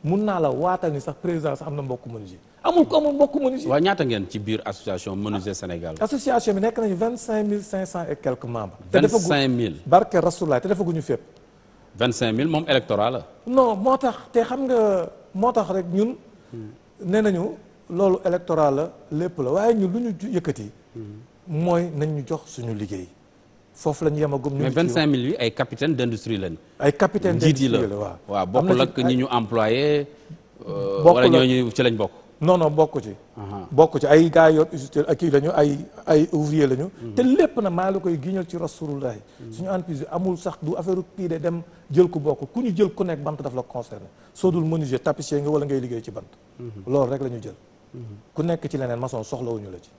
mun naa la waatal ni sax président sax am na mbokku menuisier amul ko amul mbokku menuisier. waaw ñaata ngeen ci biir association menuisier Sénégal. Ah, association bi nekk nañu vingt cinq mille cinq cent et quelques membres. te dafa gu vingt cinq mille. barke Rasoulaay te dafa guñu fépp. vingt cinq mille moom électorat la. moo tax te xam nga moo tax rek ñun. nee nañu loolu électorat la lépp la waaye ñun lu ñu yëkkati. mooy nañ ñu jox suñu liggéey. foofu la ñu yemagum ñu. mais 25000 yi ay capitaine d' industrie lañ. ay capitaine d' la njiit yi la waaw. bokkul ak ñi ñu employé. Euh, bokkul wala ñooñu ci lañ bokk. non non bokku ci. bokku ci ay gars yor usiteurs kii lañu ay ay ouvrier lañu. Mhm. te lépp na maa la koy giiñal ci rasulullah mhm. suñu entreprise bi amul sax du affaire pii dem jël ku bokk ku ñu jël ku nekk bant daf la concerné soo dul menuisier tapissier nga wala ngay liggéey ci bant. Mhm. loolu rek la ñu jël. ku nekk ci leneen maçon soxlawuñu la ci.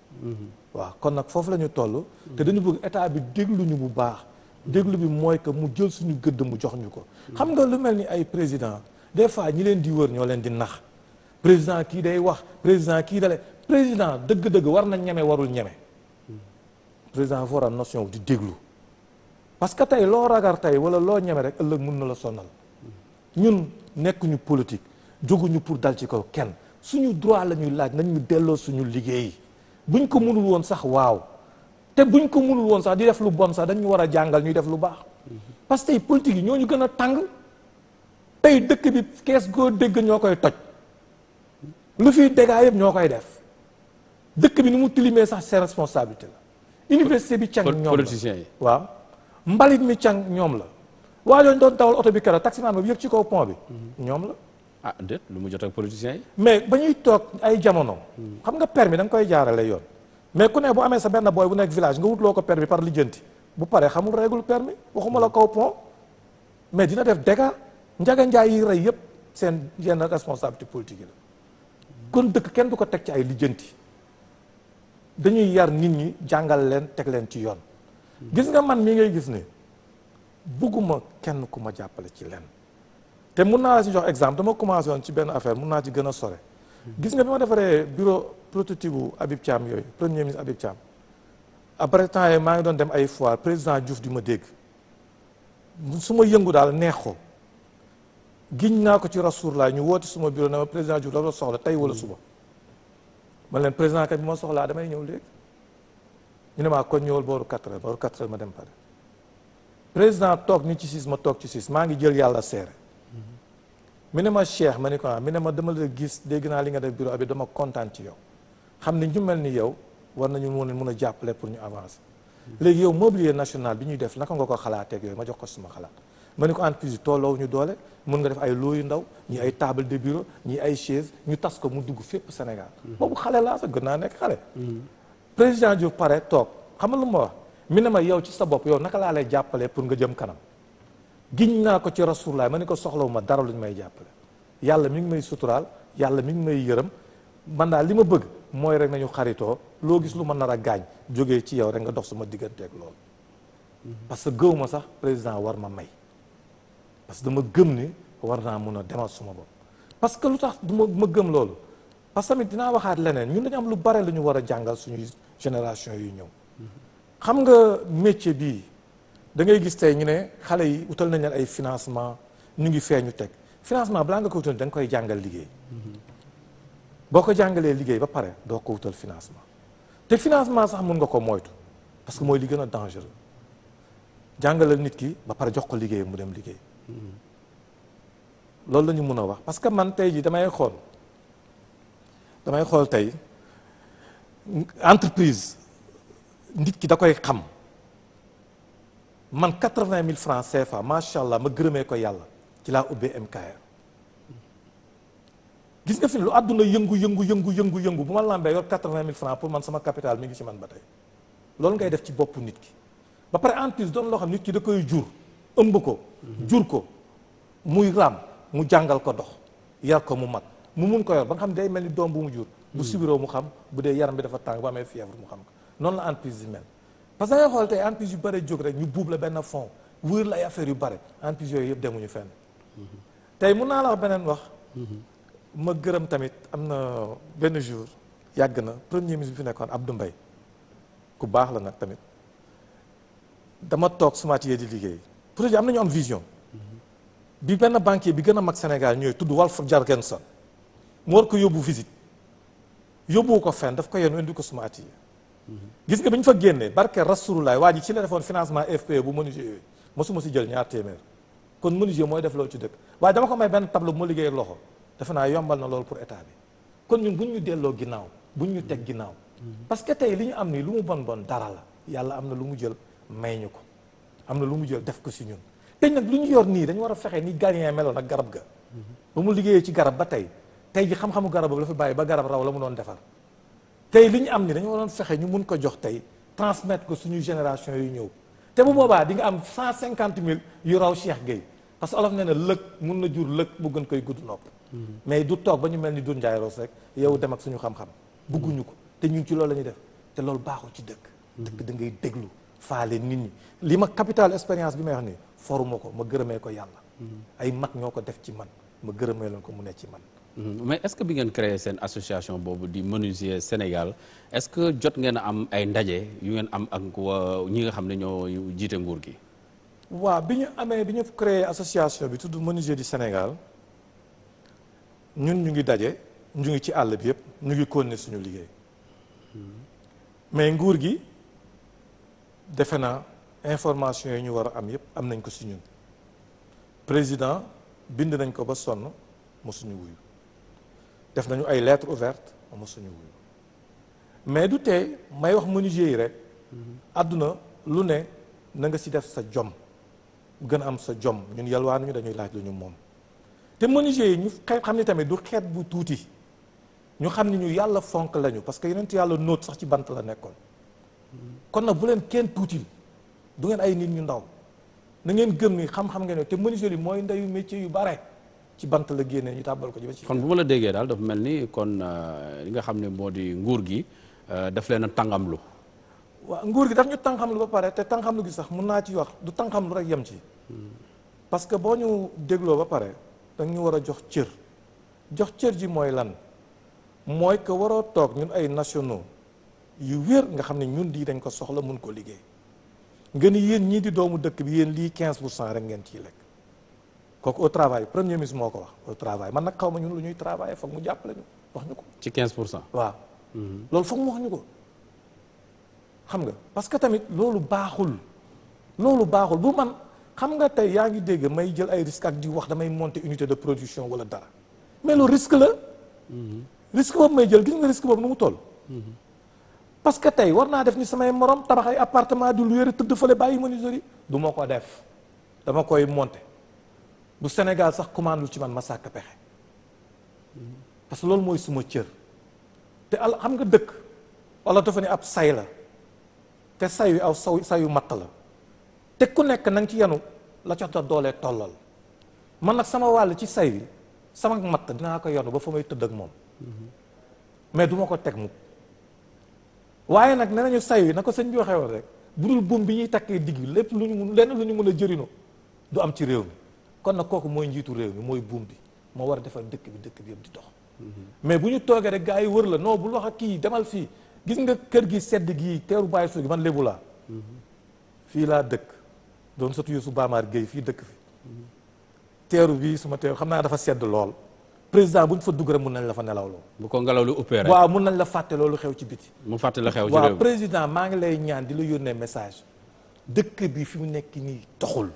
waaw kon nag foofu la ñu toll. te dañu bëgg état bi dégluñu bu baax. déglu bi mooy que mu jël suñu gëdd mu jox ñu ko. xam nga lu mel ni ay président des fois ñi leen di wër leen di nax. président kii day wax président kii dale président dëgg-dëgg war na ñeme warul ñeme président fora notion di déglu parce que tey loo ragal tey wala loo ñeme rek ëllëg mun na la sonal ñun nekkuñu politique jóguñu pour dal ci kaw kenn suñu droit la ñuy laaj nañ ñu delloo suñu liggéey buñ ko mënul woon sax waaw te buñ ko munul woon sax di def lu bon sax dañu war a jàngal ñuy def lu baax parce que tey yi ñoo ñu gën a tàng tey dëkk bi kees goo dégg ñoo koy toj lu fi dégâts yëpp ñoo koy def dëkk bi nu mu tilimee sax seen responsabilité la. université bi can ñoom la politiciens yi. waaw mbalit mi can ñoom la. waa jooju doon dawal oto bi keroog taximaan bi yëg ci kaw pont bi. ñoom la. ah déet lu mu jot ak politiciens yi. mais ba ñuy toog ay jamono. xam nga permis da nga koy jaarale yoon. mais ku ne bu amee sa benn booy bu nekk village nga wutloo ko permis par lijjanti bu paree xamul régul permis waxuma la kaw pont mais dina def dégâts njaga njaay yi rey yëpp seen yenn responsabilité politique yi la. kon dëkk kenn du ko teg ci ay lijjanti dañuy yar nit ñi jàngal leen teg leen ci yoon gis nga man mi ngay gis ni bugguma kenn ku ma jàppale ci leen te mun naa si jox exemple dama commencé woon ci benn affaire mun naa ci gën a sore gis nga bi ma defaree bureau prototype bu Habib Thiam yooyu premier ministre Habib Thiam après temps yi maa ngi doon dem ay foire président Diouf di ma dégg su ma yëngu daal neex ko giñ naa ko ci rasulullah ñu woote suma bureau na ma président Diouf dafa soxla tey wala suba man leen président kat bi ma soxlaa damay ñëw léegi ñu ne maa kon ñëwal booru 4 heures booru 4 heures ma dem pare président toog ni ci siis ma toog ci siis maa ngi jël yàlla seere mi ne ma cheikh ma ni ko ah, mi ne ma dama la gis dégg naa li nga def bureau bi dama kontaan ci yow xam ne ñu mel ni yow war nañu moo mën mun a jàppale pour ñu avancer léegi yow mobilier national bi ñuy def naka nga ko xalaatee ak ma jox ko suma xalaat ma ne ko entreprise yi tolloo ñu doole mun nga def ay loo yu ndaw ñi ay table de bureau ñii ay chaise ñu tas ko mu dugg fépp Sénégal. Mm-hmm. boobu xale laa sax gën naa nekk xale. Mm-hmm. président Diouf pare toog xamal nga ma wax mi ne ma yow ci sa bopp yow naka laa lay jàppale pour nga jëm kanam. giñ naa ko ci Rasulullah ma ne ko soxlawu ma dara luñ may jàppale yàlla mi ngi may suturaal yàlla mi ngi may yërëm man daal li ma bëgg mooy rek nañu xaritoo loo gis lu ma nar a gaañ jógee ci yow rek nga dox sama digganteeg loolu. Mm-hmm. parce que gëw ma sax président war ma may. parce que gëm ni war naa mun a demal suma bopp parce que lu tax du ma gëm loolu parce que tamit dinaa waxaat leneen ñun dañu am lu bare lu ñu war a jàngal suñu génération yu ñëw xam nga métier bii da ngay gis tey ñu ne xale yi utal nañ leen ay financement ñu ngi feeñu teg financement balaa nga ko utal da koy jàngal liggéey boo ko jàngalee liggéey ba pare doo ko wutal financement te financement sax mun nga ko moytu parce que mooy li gën a dangereux jàngalal nit ki ba pare jox ko liggéey mu dem liggéey loolu lañu ñu mun a wax parce que man tey jii damay xool damay xool tey entreprise nit ki da koy xam man quatre-vingt mille francs CFA macha allah ma gërëmee ko yàlla ci laa ubbee MKR gis nga fi lu àdduna yëngu yëngu yëngu yëngu yëngu bu ma lambee yor quatre-vingt mille francs pour man sama capital mi ngi ci man ba tey loolu ngay def ci boppu nit ki ba pare entreprise doon loo xam nit ki da koy jur. ëmb ko jur ko muy raam mu jàngal ko dox yar ko mu mat mu mun ko yor ba nga xam ne day mel ni doom bu mu jur bu hmm. sibiroo mu xam bu dee yaram bi dafa tànk bu amee fièvre mu xam ko noonu la entreprise yi mel parce que xool te entreprise yu bare jóg rek ñu buub la benn fond wër la ay affaires yu bare entreprise yooyu yëpp demuñu fenn hmm. tey mun naa la wax beneen wax hmm. ma gërëm tamit am na benn jour yàgg na premier ministre bi fi nekkoon Abdou Mbaye ku baax la nag tamit dama toog suma ci yee di liggéey projet am na ñu vision bi benn banquier bi gën a mag Sénégal ñooy tudd Walf Jorgensen mu war ko yóbbu visite yóbbu ko fenn daf ko yenu indi ko suma at gis nga bi ñu fa génnee barke Rasulullah waa ji ci financement FPE bu menuisier yooyu mosuma si jël ñaar téeméer kon menuisier mooy def loolu ci dëkk waaye dama ko may benn tableau bu ma liggéey loxo defe naa yombal na loolu pour état bi kon ñun buñ ñu delloo ginnaaw buñ ñu teg ginnaaw parce que tey li ñu am nii lu mu bon bon dara la yàlla am na lu mu jël may ñu ko am na lu mu jël def ko si ñun léegi nag lu ñu yor nii dañu war a fexe ni Galien meloon ak garab ga ba mu liggéeyee ci garab ba tey tey ji xam-xamu garab boobu la bàyyi ba garab raw la mu doon defar tey li ñu am ni dañu waroon fexe ñu mun ko jox tey transmettre ko suñu génération yu ñëw te bu boobaa di nga am cent cinquante mille yu raw Cheikh Gueye parce que olof nee na lëg mun na jur lëg mu gën koy gudd nopp mais du toog ba ñu mel ni dun njaay roos rek yow dem ak suñu xam-xam ko te ñun ci loolu la ñuy def te loolu baaxul ci dëkk dëkk da déglu faale nit ñi li ma capital expérience bi may xam nii foruma ko ma gërëmee ko yàlla ay mag ñoo ko def ci man ma gërëmee leen ko mu ne ci man mm-hmm. mais est-ce que bi ngeen créé seen association boobu di menuisier Sénégal est-ce que jot ngeen am ay ndaje yu ngeen am ak ñi nga xam ne ñoo jiite nguur gi waa bi ñu amee bi ñu créé association bi tudd menuisier du Sénégal ñun ñu ngi daje ñu ngi ci àll bi yëpp ñu ngi continuer suñu liggéey mm-hmm. mais nguur gi defe naa information yi ñu war a am yëpp am nañ ko si ñun président bind nañ ko ba sonn mosuñu wuyu def nañu ay lettres ouvertes mosuñu wuyu mais du tey may wax menuisier yi rek mhm. àdduna lu ne na nga si def sa jom gën a am sa jom ñun yalwaan ñu dañuy laaj lu ñu moom te menuisier yi ñu xam ne tamit du xeet bu tuuti ñu xam ne ñu yàlla fonk lañu parce que yeneen yàlla nóot sax ci bant la nekkoon kon nag bu leen kenn tuutil du ngeen ay nit ñu ndaw na ngeen gëm ni xam-xam ngeen ne te menuiserie mooy ndeyu métier yu bare ci bant la génnee ñu tàbbal ko ci ba ci. kon bu ma la déggee daal dafa mel ni kon euh, li nga xam ne moo di nguur gi euh, daf leen a tàngamlu. waaw nguur gi daf ñu tàngamlu ba pare te tàngamlu gi sax mun naa ci wax du tàngamlu rek yem ci. Hmm. parce que boo ñu dégloo ba pare da ñu war a jox cër jox cër ji mooy lan mooy que waroo toog ñun ay nationaux. yu wér nga xam ne ñun lii dañ ko soxla mun koo liggéey nga ni yéen ñii di doomu dëkk bi yéen lii quinze pour cent rek ngeen ciy lekk kooku au travail premier miss moo ko wax au travail man nag xaw ma ñun lu ñuy travail foog mu jàppale ñu wax ñu ko. ci 15 pour cent waaw. Mhm. loolu foog wax ñu ko xam nga parce que tamit loolu baaxul loolu baaxul bu man xam nga tey yaa ngi dégg may jël ay risque ak di wax damay monter unité de production wala dara mais loolu risque la. Mhm. risque boobu may jël gis nga risque boobu nu mu parce que tey war naa def ni samay morom tabax ay appartement du luyeer tëdd fële bàyyi menuiserie du ma ko def dama koy monter bu Sénégal sax commandul ci man ma sàkk pexe parce que loolu mooy suma cër te al xam nga dëkk wala dafa ne ab say la te wi aw saw sayu matt la te ku nekk nang ci yenu la cox dox doolee tollal man nag sama wàll ci say wi sama matt dinaa ko yenu ba fa may tëdd ak moom mm-hmm. mais du ko teg mukk waaye nag nee nañu sayu na ko sëñ bi waxee woon rek bu dul buum bi ñuy takkee digg lépp lu ñu mun lenn lu ñu mun a jëriñoo du am ci réew mi kon nag kooku mooy njiitu réew mi mooy buum bi moo war a defal dëkk bi dëkk bi yëpp di dox mm-hmm. mais bu ñu toogee rek gars yi wër la non bul wax ak kii demal fii gis nga kër gi sedd gii teeru bàyyi suuf gi man lébu laa mm-hmm. fii laa dëkk doon satu Youssou Bamar Gueye fii dëkk fi mm-hmm. teeru bi suma teeru xam naa dafa sedd lool président bu ñu fa dugg rek mun nañ la fa nelaw nelawloo. bu ko ngelaw lu ëppee rek waaw mun nañ la fàtte loolu xew ci biti. mu fàtte la xew ci waaw président maa ngi lay ñaan di la yónnee message. dëkk bi fi mu nekk nii taxul.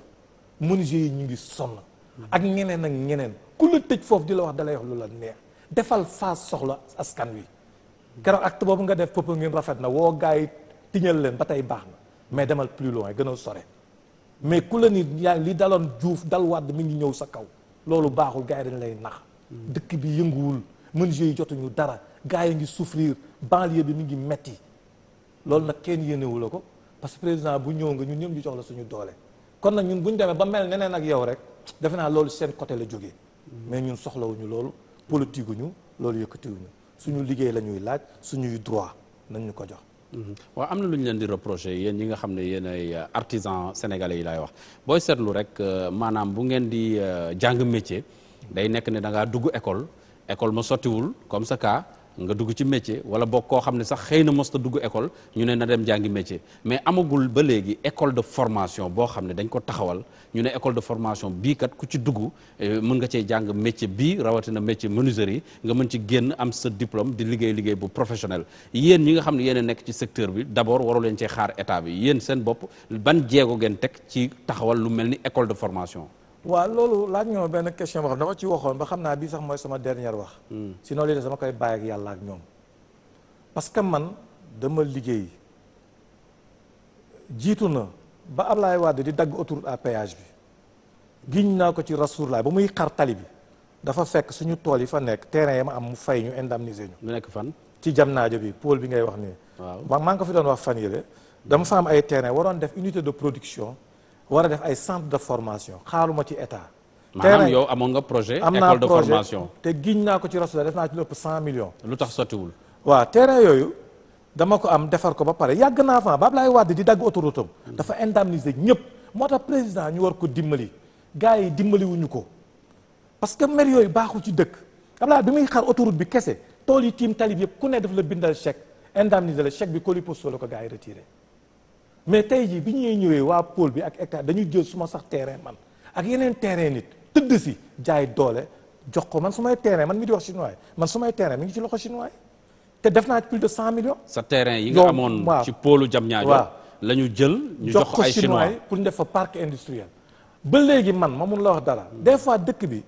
menuisiers yi ñu ngi sonn. ak ngeneen ak ngeneen ku la tëj foofu di la wax dalay wax lu la neex. defal phase soxla askan wi. keroog acte boobu nga def pëpp ngeen rafet na woo gars yi tiñal leen ba tey baax na mais demal plus loin gën a sore. mais ku la ni yaa li daloon Diouf dal Wade mi ngi ñëw sa kaw. loolu baaxul gars yi lay nax. dëkk bi yënguwul mën yi jotuñu dara gars yi ngi souffrir banlieue bi mu ngi metti loolu nag kenn yéenewu la ko parce que président bu ñëw nga ñun ñëpp ñu jox la suñu doole kon nag ñun bu ñu demee ba mel neneen ak yow rek defe naa loolu seen côté la jóge mais ñun soxlawuñu loolu politique ñu loolu yëkkatiwuñu suñu liggéey la ñuy laaj suñuy droit nañ ñu ko jox mhm. waaw am na lu ñu leen di reproché yéen ñi nga xam ne yéen ay euh, artisan sénégale yi laay wax booy seetlu rek euh, maanaam bu ngeen di euh, jàng métier day nekk ne dangaa dugg école école ma sottiwul comme sa cas nga dugg ci métier wala boog koo xam ne sax xëy na mosta dugg école ñu ne na dem jàngi métier mais amagul ba léegi école de formation boo xam ne dañ ko taxawal ñu ne école de formation bii kat ku ci dugg euh, mën nga cee jàng métier bii rawatina métier menuiserie nga mën ci génn am sa diplôme di liggéey liggéey bu professionnel yéen ñi nga xam ne yéen a nekk ci secteur bi d'abord waru leen cee xaar état bi yéen seen bopp ban jéego ngeen teg ci taxawal lu mel ni école de formation waaw loolu laaj nga benn question boo dama ci waxoon ba xam naa bii sax mooy sama dernière wax. Hmm. sinon lii de sama koy bàyyi ak yàlla ak ñoom. parce que man dama liggéey jiitu na ba Ablaye Wade di dagg autoroute à péage bi giñ naa ko ci rasuur Rasoulaay ba muy xar tali bi dafa fekk suñu tool yi fa nekk terrain yi ma am mu fay ñu indemniser ñu. mu nekk fan. ci jamnaajo bi pool bi ngay wax nii. waaw maa ngi ko fi doon wax fan yële. dama fa am ay terrain waroon def unité de production. war a def ay centre de formation xaaruma ci état. maanaam yow amoon nga projet. école de formation te giñ naa ko ci rasul def naa ci lépp cent millions. lu tax sottiwul. waa terrain yooyu dama ko am defar ko ba pare yàgg naa fa ba Ablaye Wade di dagg autoroute dafa indemniser ñëpp moo tax président ñu war ko dimbali gars yi dimbaliwuñu ko parce que maire yooyu baaxul ci dëkk Ablaye bi muy xar autoroute bi kese tool yi tiim talib yëpp ku ne daf la bindal chèque indemniser la chèque bi colis postaux la ko gars yi retiré. mais tey jii bi ñuy ñëwee waa pool bi ak hectare dañu jël suma sax terrain man ak yeneen terrain nit tëdd si jaay doole jox ko man sumay terrain man mi di wax chinois man sumay terrain mi ngi ci loxo chinois te def naa plus de cent millions. sa terrain yi nga amoon ci pôlu Diamniadio waaw la ñu jël ñu jox ko ay chinois pour ñu def fa parc industriel ba léegi man ma mun la wax dara des fois dëkk bi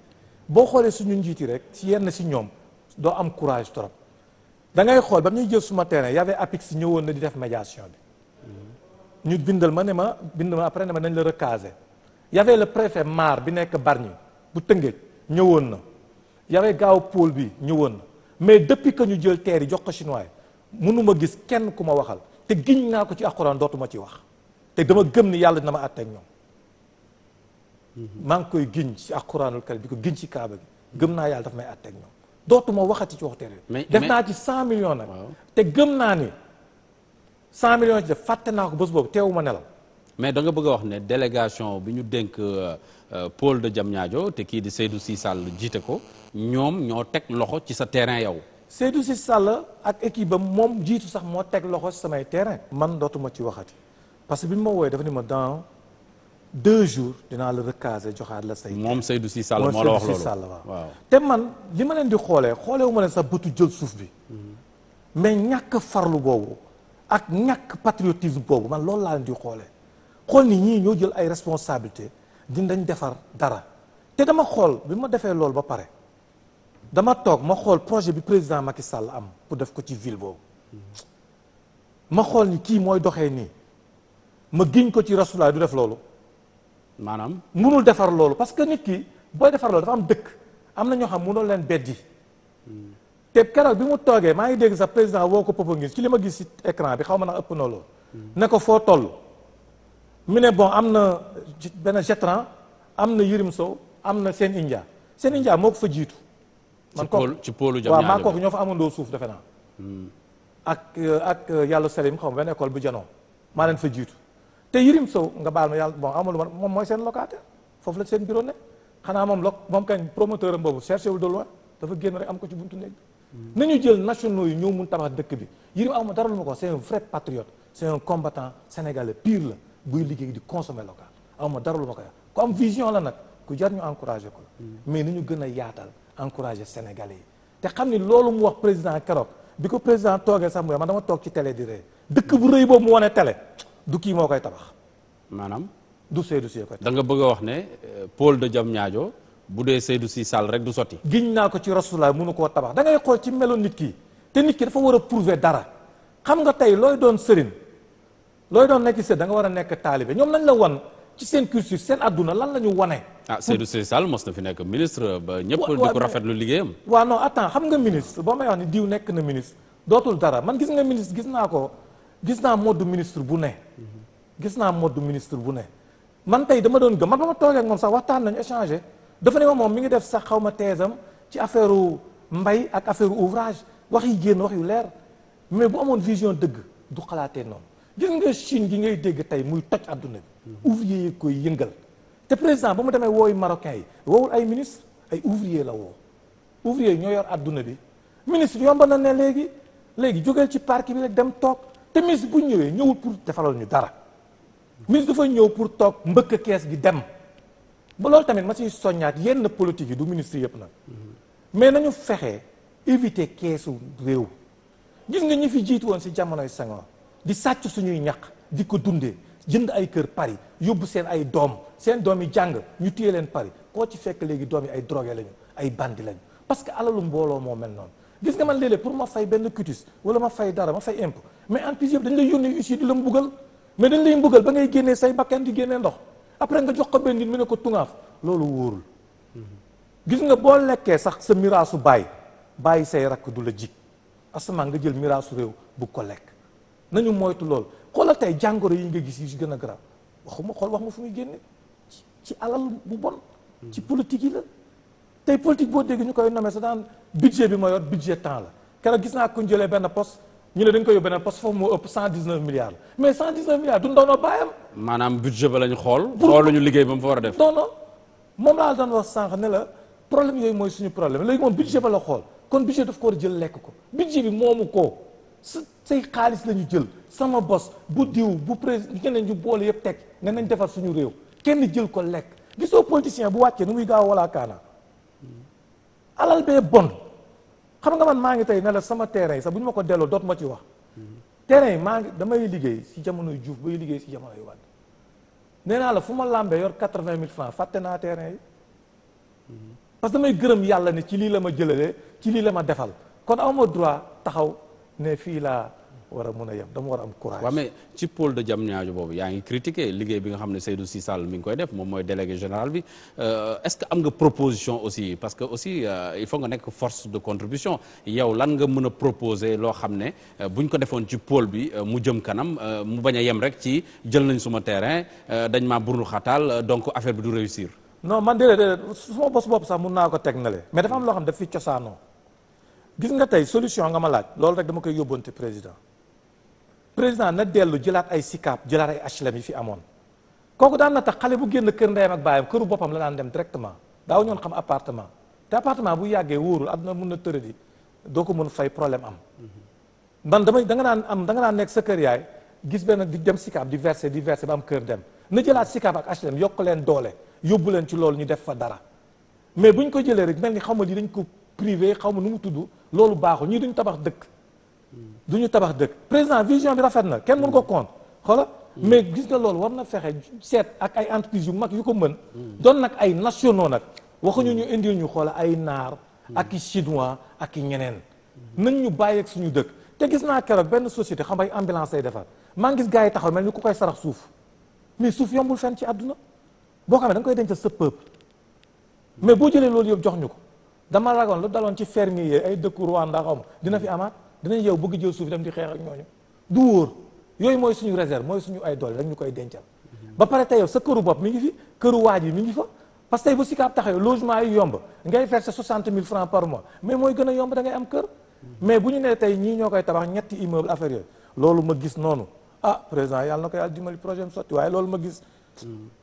boo xoolee suñu njiiti rek ci yenn si ñoom doo am courage trop da ngay xool ba ñuy jël suma terrain y avait APIX ñëwoon na di def médiation bi ñu bindal ma ne ma bind ma après ne ma nañ la recaser y avait le préfet Mar bi nekk Bargny bu Tëngéej ñëwoon na y gaaw pool bi ñëwoon na mais depuis que ñu jël terre yi jox ko chinois yi mënuma gis kenn ku ma waxal te giñ naa ko ci alxuraan dootuma ci wax te dama gëm ni yàlla dina ma àtteeg ñoom mhm. maa ngi koy giñ ci alxuraanul karim bi ko giñ ci kaaba gi gëm naa yàlla daf may àtteeg ñoom dootuma waxati ci wax terre def naa ci cent million nag te gëm naa 100 millions ci def fàtte naa ko bés boobu teewuma nelaw mais danga bëgg a wax ne délégation bi ñu dénk euh, euh, pôle de Diamniadio te kii di Seydou si Sall jiite ko ñoom ñoo teg loxo ci sa terrain yow. Seydou si Sall ak équipe ba moom jiitu sax moo teg loxo samay terrain. man dootuma ci waxati parce que bi ma wooyee dafa ni ma dans deux jours dinaa la recaser joxaat la say. moom Seydou Sy Sall moo la wax loolu waaw. te man li ma leen di xoolee xoolee ma leen sax bëtu jël suuf bi mhm. ñàkk farlu boobu. ak ñàkk patriotisme boobu man loolu laa leen di xoolee xool ni ñii ñoo jël ay responsabilité dinañ defar dara te dama xool bi ma defee loolu ba pare dama toog ma xool projet bi président Macky Sall am pour def ko ci ville boobu ma xool ni kii mooy doxee nii ma giñ ko ci rasulaay du def loolu maanaam munul defar loolu parce que nit ki booy defar loolu dafa am dëkk am na ñoo xam mu munoo leen beddi hmm. te keroog bi mu toogee maa ngi dégg sax président woo ko Popenguine ci li ma gis ci écran bi xaw ma na ëpp na loolu ne ko foo toll mu ne bon am na benn Jetran am na Yirim Sow am na Seen India Seen India moo ko fa jiitu man kooku ci pôlu waaw maa kooku ñoo fa amandoo suuf defe naa hmm. ak euh, ak euh, yàlla salim xaw ma benn école bu janoo maa leen fa jiitu te Yirim Sow nga baal ma yàlla bon amul man moom mooy seen locataire foofu la seen bureau ne xanaa moom lok moom kañ promoteur am boobu cherché wul de loin dafa am ko ci buntu nañu jël nationaux yi ñoo mun tabax dëkk bi Yérim Amar dara lu ma ko c'est un vrai patriote c'est un combattant sénégalais pire la buy liggéey di consommer local amuma dara lu ma ko wax ku vision la nag ku jar ñu encouragé ko la hmm. mais ni ñu gën a yaatal encouragé sénégalais yi te xam ni loolu mu wax président keroog bi ko président toogee sax mu man dama toog ci télé di ree dëkk bu rëy boobu mu wane télé du kii moo koy tabax maanaam du Seydou Sy koy tabax da nga bëgg a wax ne euh, pôle de Diamniadio bu dee Seydou Sy Sall rek du sotti. giñ naa ko ci rasulaay mënu koo tabax dangay xool ci melo nit ki te nit ki dafa war a prouver dara xam nga tey looy doon sëriñ looy doon nekk sëriñ da nga war a nekk taalibe ñoom lañ la wan ci seen culture seen adduna lan la ñu wane. ah Seydou Sy Sall mos na fi nekk ministre ba ñëpp di ko rafetlu liggéeyam. waaw non attends xam nga ministre boo may wax ni diw nekk na ministre dootul dara man gis nga ministre gis naa ko gis naa mode ministre bu ne. gis naa mode ministre bu ne man tey dama doon gëm man ba ma ak moom sax waxtaan nañu échangé. dafa ne ma moom mi ngi def sax xaw ma teesam ci affaire mbay ak affaire ouvrage wax yi génn wax yu leer mais bu amoon vision dëgg du xalaatee noonu gis nga Chine gi ngay dégg tey muy toj àdduna bi ouvrier yi koy yëngal te président ba mu demee wooyu marocain yi wowul ay ministre ay ouvrier la woo ouvrier yi ñoo yor àdduna bi ministre yomb na ne léegi léegi jógeel ci park bi rek dem toog te ministre bu ñëwee ñëwul pour defaral ñu dara ministre dafa ñëw pour toog mbëkk kees gi dem ba loolu tamit ma ciy soññaat yenn politique yi du ministre yëpp nag mais nañu fexe éviter keesu réew gis nga ñi fi jiitu woon si jamonoy Senghor di sàcc suñuy ñaq di ko dundee jënd ay kër Paris yóbbu seen ay doom seen doom yi jàng ñu téye leen Paris koo ci fekk léegi doom yi ay drogué lañu ay bandi lañu parce que alalu mbooloo moo mel noonu gis nga man léeg pour ma fay benn cutis wala ma fay dara ma fay impôt mais en plus yëpp dañ lay yónnee huissier di la mbugal mais dañ lay mbugal ba ngay génnee say bakkan di génnee ndox après nga jox ko benn nit mu ne ko tungaaf loolu wóorul gis nga boo lekkee sax sa miraasu bàyyi bàyyi say rakk du la jig asamaan nga jël miraasu réew bu ko lekk nañu moytu lool xoolal tey jàngoro yi nga gis yi si gën a garaaw waxuma xool wax ma fu muy génne ci alal bu bon hmm. ci politique yi la tey politique boo dégg ñu koy nomee sa daan budget bi ma yor budget temps la keroog gis naa ko jëlee benn post ñu ne dañ koy yóbbu beneen poste foofu moo ëpp 119 milliards la mais 119 milliards du ndaw na bàyyam. maanaam budget ba lañu xool. xooluñu liggéey ba mu fa war a def. non non moom laa doon wax sànq ne la problème yooyu mooy suñu problème léegi moom budget ba la xool kon budget daf ko war a jël lekk ko budget bi moomu ko sa say xaalis la ñu jël sama bos bu diw bu président ñeneen ñu boole yëpp teg ne nañ defar suñu réew kenn jël ko lekk gisoo politicien bu wàccee nu muy gaaw wala bon. xam nga man maa ngi tey ne la sama terrain yi sax bu ñu ma ko delloo doot ma ci wax terrain yi maa ngi damay liggéey si jamonoy Diouf bay liggéey si jamonoy Wade nee naa la fu ma làmbee yor quatre-vingt mille francs fàtte naa terrain yi parce que damay gërëm yàlla ne ci lii la ma jëlalee ci lii la ma defal kon aw ma droit taxaw ne fii laa war a mën a yem dama war a am courage. waaw mais ci pôle de Diamniadio boobu yaa ngi critiqué liggéey bi nga xam ne Seydou Sissal mi ngi koy def moom mooy délégué général bi euh, est-ce que am nga proposition aussi parce que aussi euh, il faut nga nekk force de contribution yow lan nga mën a proposer loo xam ne euh, bu buñ ko defoon ci pôle bi mu jëm kanam mu bañ a yem rek ci jël nañ suma terrain dañ maa burnu xataal donc affaire bi du réussir. non man déedéet déedéet su ma bos sax mun naa ko teg nale mais dafa am loo xam daf fi cosaanoo nga tey solution nga ma laaj loolu rek dama koy yóbbante président. président na dellu jëlaat ay SICAP jëlaat ay HLM yi fi amoon kooku daan na tax xale bu génn kër ndeyam ak baayam këru boppam la daan dem directement daaw ñoon xam appartement te appartement bu yàggee wóorul àdduna mun na tëradi doo ko mën fay problème am man damay danga daan am da nga naan nekk sa kër yaay gis benn di dem SICAP di verser di verser ba am kër dem na jëlaat SICAP ak HLM yokk leen doole yóbbu leen ci loolu ñu def fa dara mais bu ko jëlee rek mel ni xaw ma li dañ ko privé xaw ma nu mu tudd loolu baaxul ñii duñ tabax dëkk du ñu tabax dëkk président vision bi rafet na kenn mënu ko compte xoola mm. mais gis na loolu wam na fexe seet ak ay entreprises yu mag yu ko mën mm. doon nag ay nationaux nag waxuñu mm. ñu indil ñu xoola ay naar ak i chinois ak i ñeneen nañ ñu bàyyeeg suñu dëkk te gis naa keroog benn société xam ay ambulance ay defar maa ngi gis gaa yi taxaw mel ni ku koy sarax suuf mais suuf yombul fenn ci àdduna boo xam ne da koy denc sa peuple mais boo jëlee loolu yëpp jox ko dama ragoon lu daloon ci fermier ay dëkku Rwanda xaw ma dina fi amaat dinañ yow bëgg jël suuf dem di xeex ak ñooñu du wóor yooyu mooy suñu réserve mooy suñu ay doole rek ñu koy dencal ba pare tey sa këru bopp mi ngi fi këru waaj bi mi ngi fa parce que tey bu sikaab taxaw logement yi yomb ngay verser soixante mille francs par mois mais mooy gën a yomb da am kër mais ñu nee tey ñii ñoo koy tabax ñetti immeuble affaire yooyu loolu ma gis noonu ah président yàlla na ko yàlla dimbali projet bi sotti waaye loolu ma gis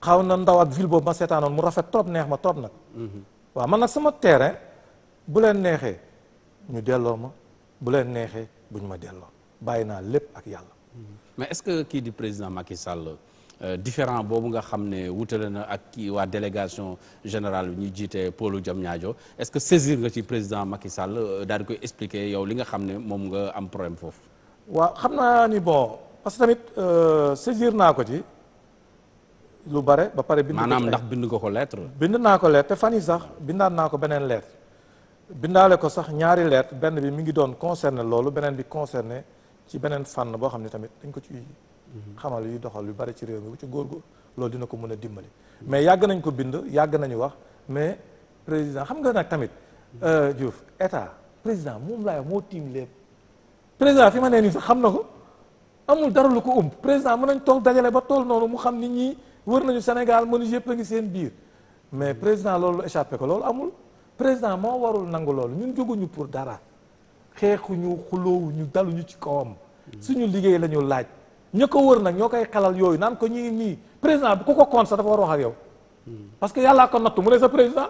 xaw na ndaw ak ville boobu ma seetaanoon mu rafet trop neex ma trop nag mhm. waa man nag sama terrain bu leen neexee ñu delloo ma bu leen neexee buñ ma delloo bàyyi naa lépp ak yàlla. mais est-ce que kii di président Macky Sall euh, différent boobu nga xam ne wutale na ak kii waa délégation générale bi ñu jiite pôlu ñaajo est-ce que saisir nga ci président Macky Sall euh, daal di koy expliquer yow li nga xam ne moom nga am problème foofu. waa xam naa ni bon parce que tamit euh, saisir naa ko ci. lu bare ba pare bind. maanaam ndax bind nga ko lettre. bind naa ko lettre te fan yi sax bindaat naa ko beneen lettre. bindaale ko sax ñaari lettre benn bi mi ngi doon concerné loolu beneen bi concerné ci beneen fànn boo xam ne tamit dañ ko ci xamal yuy doxal yu bari ci réew mi bu ci góorgóor loolu dina ko mën a dimbali mais yàgg nañ ko bind yàgg nañu wax mais président xam nga nag tamit euh, Diouf état président moom laay moo tiim lépp président fi ma nee nii sax xam na ko amul dara lu ko ëmb président mun nañ toog dajale ba tool noonu mu xam ni ñii wër nañu Sénégal mënu yëpp a ngi seen biir mais président loolu échappé ko loolu amul président moo warul nangu loolu ñun jóguñu pour dara xeexu xeexuñu ñu daluñu ci kawam. suñu liggéey lañu laaj. ña ko wër nag ñoo koy xelal yooyu nan ko ñu ngi nii président bu ko ko compte sax dafa war wax ak yow. parce que yàllaa ko nattu mu ne sa président.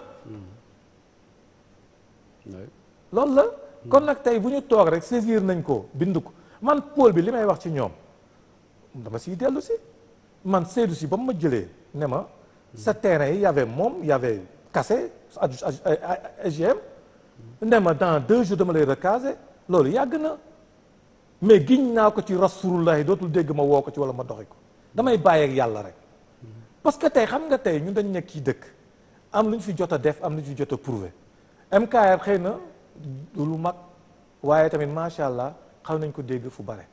loolu la. kon nag tey bu ñu toog rek saisir nañ ko bind ko man pôle bi li may wax ci ñoom dama siy dellu si man Seydou si ba mu ma jëlee ne ma. sa tere yi y moom y kase AGM ne a dans deux jours dama lay recaser loolu yàgg na mais giñ naa ko ci rasulullah dootul dégg ma woo ko ci wala ma doxi ko damay bàyyeek ak yàlla rek parce que tey xam nga tey ñun dañ nekk kii dëkk am lu ñu fi jot a def am lu ñu fi jot a prouvé MKR xëy na lu mag waaye tamit macha allah xam nañ ko dégg fu bare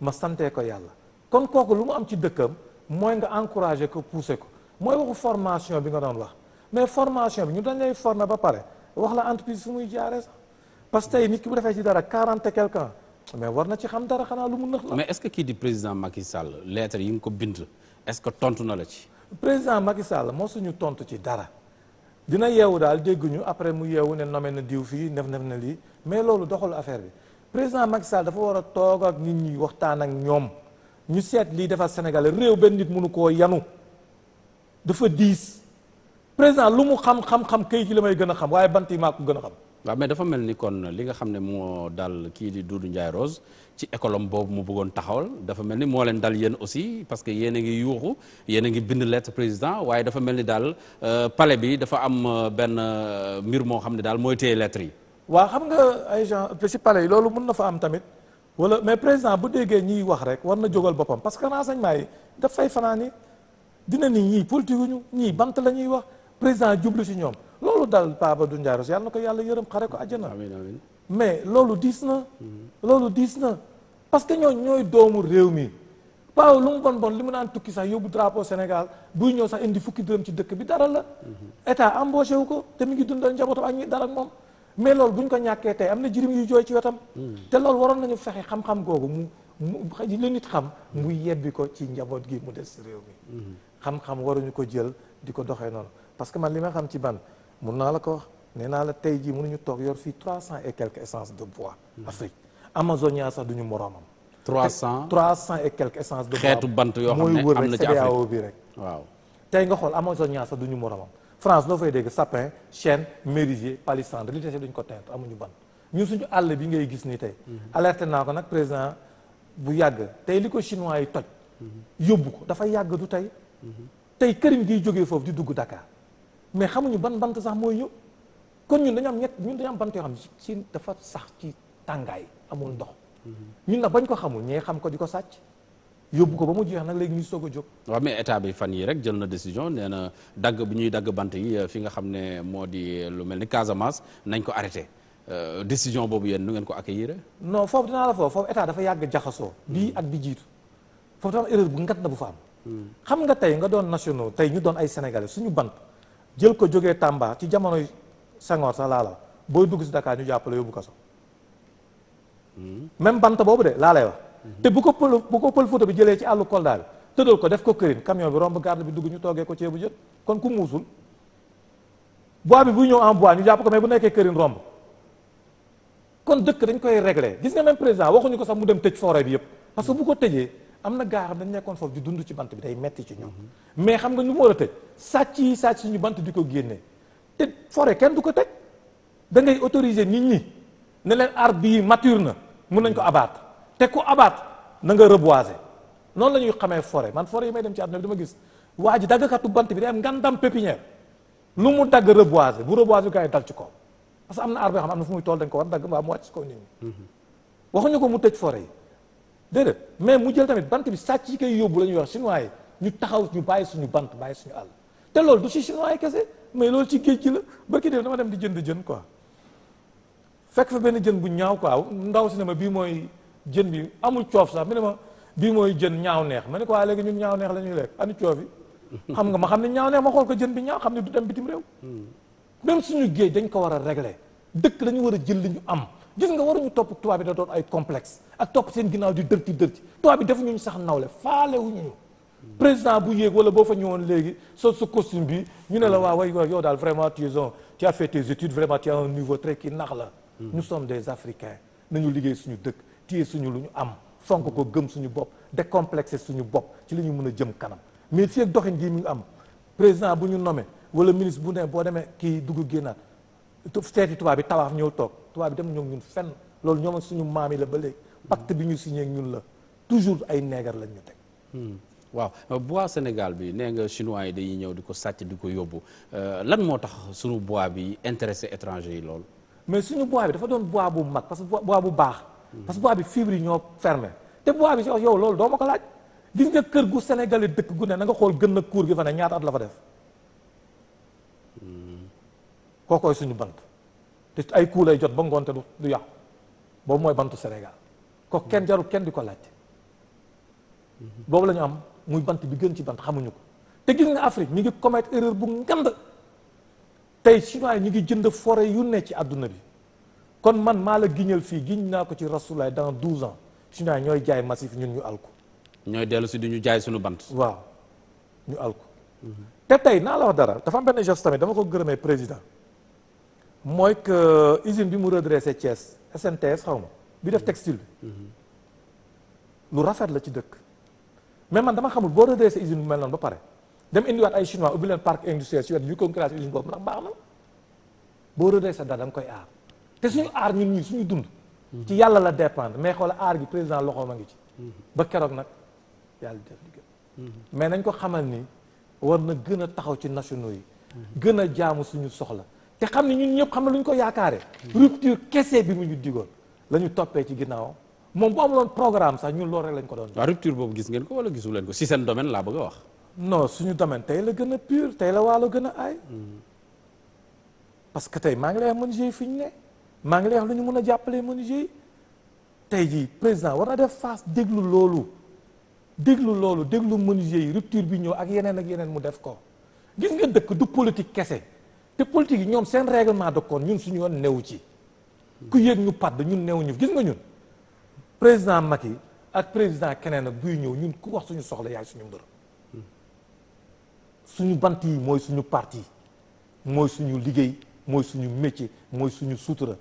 ma sante ko yàlla kon kooku lu mu am ci dëkkam mooy nga encouragé ko poussé ko mooy waxu formation bi nga doon wax mais formation bi ñu dañ lay former ba pare wax la entreprise fu muy jaaree sax parce que tey nit ki bu defee si dara quarante et quelque mais war na ci xam dara xanaa lu mu nëx la. mais est-ce que kii di président Macky Sall lettre yi nga ko bind est-ce que tontu na la ci. président Macky Sall moo suñu tontu ci dara dina yeewu daal dégguñu après mu yeewu ne nommé na diw fii nef nef na lii mais loolu doxalu affaire bi président Macky Sall dafa war a toog ak nit ñi waxtaan ak ñoom ñu seet lii defar Sénégal réew benn nit mënu koo yanu dafa président lu mu xam xam xam kayit yi la may gën a xam waaye bant yi maa ko gën a xam. waaw mais dafa mel ni kon li nga xam ne moo daal kii di Doudou Ndiaye Rose ci écolom boobu mu bëggoon taxawal dafa mel ni moo leen daal yéen aussi parce que yéen ngi yuuxu yéen ngi bind lettre président waaye dafa mel ni daal euh, pale bi dafa am euh, benn euh, mbir moo xam ne daal mooy téye lettre yi. waa xam nga ay gens ci palais yi loolu mën na fa am tamit wala mais président bu déggee ñiy wax rek war na jógal boppam parce que renseignement yi daf fay fanaan dina ni ñii ñii bant la ñuy wax. président jublu si ñoom loolu dal Paa Badou Ndiaros yàlla na ko yàlla yërëm xare ko àjjana mais loolu diis na loolu diis na parce que ñoo ñooy doomu réew mi waaw lu mu bon bon li mu naan tukki sax yóbbu drapeau Sénégal buy ñëw sax indi fukki dërëm ci dëkk bi dara la mm-hmm. état embauché wu ko te mi ngi dundal njabootam ak ñi dara ak moom mais loolu bu ñu ko ñàkkee tey am na jirim yu jooy ci wetam mm-hmm. te loolu waroon nañu fexe xam-xam googu mu mu li nit xam mu mm-hmm. yebbi ko ci njaboot gi mu des réew mi xam-xam waruñu ko jël di ko doxee noonu parce que man li ma xam ci ban mun naa la ko wax nee naa la tey jii ñu toog yor fii trois cent et quelques essences de bois. Hmm. Afrique Amazonia sax duñu moroomam. trois cent trois cent et quelques essences de bois xeetu bant yoo xam ne am na ci Afrique bi rek. waaw tey nga xool Amazonia sax duñu moroomam. France loo fay dégg sapin chêne merisier palissandre li des duñ ko teint amuñu ban ñu suñu àll bi ngay gis nii tey. Hmm. alerte naa ko nag président bu yàgg tey li ko chinois yi toj. Hmm. yóbbu ko dafa yàgg du tey. tey këriñ giy jógee foofu di dugg Dakar. mais xamuñu ban bant sax mooy ñëw kon ñun dañu am ñett ñun dañu am bant yoo xam si dafa sax ci tàngaay amul ndox mm-hmm. ñun nag bañ ko xamul ñee xam ko di ko sàcc yóbbu ko ba mu jeex nag léegi ñuy soog a jóg waaw mais état bi fan yi rek jël na décision nee na dagg bi ñuy dagg bant yi fi nga xam ne moo di lu mel ni Casamance nañ ko arrêté euh, décision boobu yéen nu ngeen ko accueillir non foofu dinaa la foofu foofu état dafa yàgg jaxasoo mm-hmm. bii ak bi jiitu foofu dafa am bu ngat na bu fa am mm-hmm. xam nga tey nga doon nationaux tey ñu doon ay sénégalais suñu bant jël ko jógee Tamba ci jamonoy Senghor sax laa la booy dugg si Dakar ñu jàppale yóbbu kaso même bant boobu de laa lay wax te bu ko pël bu ko pël photo bi jëlee ci àllu Kolda bi tëddal ko def ko kërin camion bi romb garde bi dugg ñu toogee ko ceebu jën kon ku muusul bois bi bu ñëw en bois ñu jàpp ko mais bu nekkee kërin romb kon dëkk dañ koy régler gis nga même président waxuñu ko sax mu dem tëj forêt bi yëpp parce que bu ko tëjee am na gaa gaar dañ nekkoon foofu di dund ci bant bi day metti ci ñoom mais xam nga lu mu war a tëj sàcc yi sàcc suñu bant di ko génne te forêt kenn du ko tëj da ngay autoriser nit ñi ne leen arbre bii mature na mun nañ ko abattre te ku abaat na nga reboiser noonu la ñuy xamee forêt man forêt yi may dem ci àdduna bi dama gis waa ji daggkatu bant bi day am dam pépinière lu mu dagg reboiser bu reboiser gars yi dal ci kaw parce que am na arbre yoo xam ne fu muy tool dañ ko war dagg mbaa mu wàcc ci kaw nit mm-hmm. ko mu tëj forêt yi déedéet mais mu jël tamit bant bi sàcc yi kay yóbbu la ñuy wax chinois ñu taxaw ñu bàyyi suñu bant bàyyi suñu àll te loolu du ci chinois yi kese mais loolu ci géej gi la barki def dama dem di jënd jën quoi fekk fa benn jën bu ñaaw ko quoi ndaw si ne ma bii mooy jën bi amul coof sax mi ne ma bii mooy jën ñaaw neex ma ne ko waa léegi ñun ñaaw neex la lekk ani coof yi xam nga ma xam ne ñaaw neex ma xool ko jën bi ñaaw xam ne du dem bitim réew hmm. même suñu géej dañ ko war a régler dëkk dañu war a jël li ñu am gis nga waruñu topp tubaab bi da doon ay complexe ak topp seen ginnaaw di dërti dërti tubaab bi defuñu sax nawle faale wuñu président bu yéeg wala boo fa ñëwoon léegi soo sa costume bi ñu ne la waa way waa yow daal vraiment tu es un tu as fait tes études vraiment tu as niveau très kii nax la hmm. nous sommes des africains nañu liggéey suñu dëkk téye suñu lu ñu am fonk ko gëm suñu bopp de décomplexé suñu bopp ci li ñu mën a jëm kanam mais fii ak doxin gii mi am président bu ñu nommé wala ministre bu ne boo demee kii dugg génnaat seeti tubaab bi tawaaf ñëw toog tubaab bi dem ñoom ñun fenn loolu ñoom suñu maam yi la ba léegi pacte bi ñu signé ak ñun la toujours ay neegar lañ ñu teg hmm. waaw euh, bois Sénégal bi nee nga chinois yi dañuy ñëw di ko sàcc di ko yóbbu euh, lan moo tax suñu bois bi intéressé étranger yi loolu mais suñu bois bi dafa doon bois bu mag parce que bois bu baax hmm. parce que bois bi fibre yi ñoo fermé te bois bi yow loolu dooma ko laaj gis nga kër gu sénégalais dëkk gu ne na nga xool gën a kuur gi ne ñaata at la fa def kookooy suñu bant te ay kuu lay jot ba ngoonte du yàqu boobu mooy bantu senegal ko kenn jarul kenn di ko laajte boobu lañu am muy bant bi gën ci bant xamuñu ko te gis nga Afrique ñu ngi commettre erreur bu ngand tey chinois yi ngi jënd forêt yu ne ci àdduna bi kon man maa la giñal fii giñ naa ko ci rasulaay dans douze ans chinois yi ñooy jaay massif ñun ñu alku ñooy dellu si di ñu jaay suñu bant waaw ñu alku te tey naa la wax dara dafa am benn geste dama ko gërëmee président mooy que usine bi mu redressé Thiès SNTS xaw ma bi def textile bi mhm. lu rafet la ci dëkk mais man dama xamul boo redressé usine bu mel noonu ba pare dem indiwaat ay chinois ubbi leen parc industriel si wet ñu concurrence usine boobu ndax baax na boo redressé daal da nga koy aar te suñu aar ñun ñii suñu dund mhm. ci yàlla la dépendre mais xoola aar gi président loxoom a ngi ci mhm. ba keroog nag yàlla def liggéey mais nañ ko xamal ni war na gën a taxaw ci nationaux yi gën a jaamu suñu soxla te xam ne ñun ñëpp xam na lu ñu ko yaakaare rupture kese bi mu ñu digoon la ñu toppee ci ginnaawam moom bu amuloon programme sax ñun loolu rek lañ ko doon waaw rupture boobu gis ngeen ko wala gisu leen ko si seen domaine laa bëgg a wax non suñu domaine tey la gën a pur tey la waalo gën a aay parce que tey maa ngi lay wax menuisier yi fi ñu ne maa ngi lay wax lu ñu mën a jàppalee menuisier yi tey jii président war a def face déglu loolu déglu loolu déglu mënu yi rupture bi ñëw ak yeneen ak yeneen mu def ko gis nga dëkk du politique kese te politique yi ñoom seen règlement de compte ñun suñu yoon newu ci ku yéeg ñu da ñun newu ñu gis nga ñun président Macky ak président keneen ak buy ñëw ñun ku wax suñu soxla yaay suñu mbër suñu bant yi mooy suñu parti mooy suñu liggéey mooy suñu métier mooy suñu sutura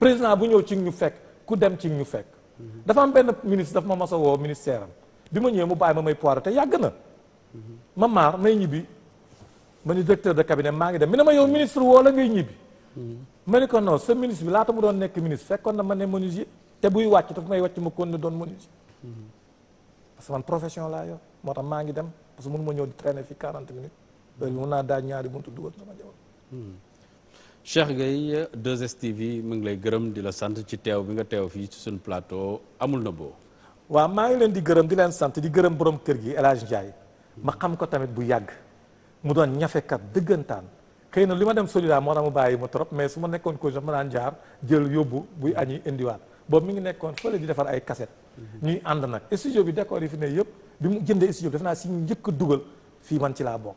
président bu ñëw ci ñu fekk ku dem ci ñu fekk dafa am benn ministre dafa ma mas a woo ministère am bi ma ñëwee mu bàyyi ma may poire te yàgg na ma maar may ñibbi ma ni directeur de cabinet maa ngi dem mi ne ma yow ministre woo la ngay ñibbi. Hmm. ma ni ko non sa ministre bi laata mu doon nekk ministre fekkoon na ma ne menuisier te buy wàcc daf may wàcc ma kon ne doon menuisier. Hmm. parce que man profession laa yor moo tax maa ngi dem parce que mënu ma ñëw di traîner fii 40 minutes heure bi mun naa daaj ñaari buntu dugal sama jabar. Hmm. Cheikh Gueye 2STV mu ngi lay gërëm di la sant ci teew bi nga teew fii ci suñu plateau amul na boo. waaw maa ngi leen di gërëm di leen sant di gërëm borom kër gi El Hadj Ndiaye ma xam ko tamit bu yàgg. mu doon ñafekat dëggantaan xëy na li ma dem solida moo tax mu bàyyi ma trop mais su ma nekkoon ko dafa ma daan jaar jël yóbbu buy añi indiwaat boobu mi ngi nekkoon fële di defar ay cassette mhm. ñuy ànd nag studio bi décor yi fi ne yëpp bi mu jëndee studio bi def naa si njëkk dugal fii man ci laa bokk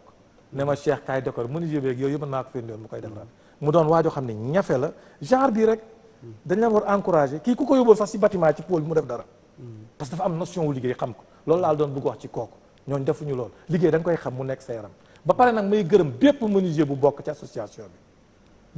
ne ma Cheikh kaay décor menuisier beeg yooyu yëpp man maa ko firndoon mu koy defaraat mu doon waajoo xam ne ñafe la genre bii rek mhm. dañ la war encouragé kii ku ko yóbboon sax si bâtiment ci pôle mu def dara mhm. parce que am notion wu liggéey xam ko laa doon bëgg wax ci kooku ñooñ defuñu loolu liggéey da koy xam mu nekk sa yaram ba pare nag may gërëm bépp menuisier bu bokk ci association bi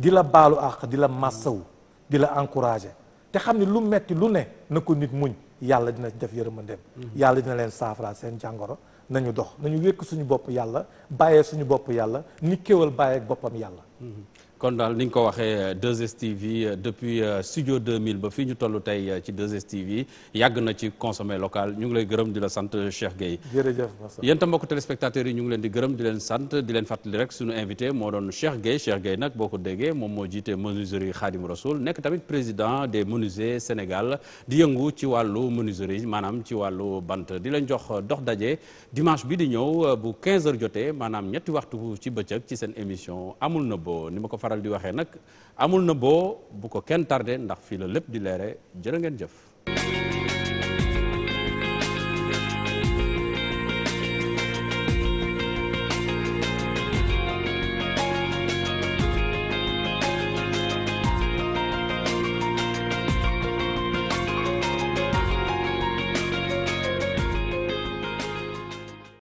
di la baalu àq di la massawu di la encouragé te xam ne lu metti lu ne na ko nit muñ yàlla dina def yërëmandeem mm-hmm. yàlla dina leen saafara seen jàngoro nañu dox nañu wékk suñu bopp yàlla bàyyee suñu bopp yàlla ni kéwal bàyyeek boppam yàlla mm-hmm. kon daal ni ñu ko waxee 2STV euh, euh, depuis euh, studio mille ba fii ñu toll tey ci 2STV yàgg na ci consommer local ñu ngi lay gërëm di la sant Cheikh Gueye. jërëjëf Massa yéen itam mbokk yi ñu ngi leen di gërëm di leen sant di leen fàttali rek suñu invité moo doon Cheikh Gueye Cheikh Gueye nag boo ko déggee moom moo jiite menuiserie Khadim Rasoul nekk tamit président des menuisiers Sénégal di yëngu ci wàllu yi maanaam ci wàllu bant di leen jox dox daje dimanche bi di ñëw bu 15h jotee maanaam ñetti waxtu ci bëccëg ci seen émission amul na boo faral di waxee nag amul na boo bu ko kenn tarde ndax fii la lépp di leere jërë ngeen jëf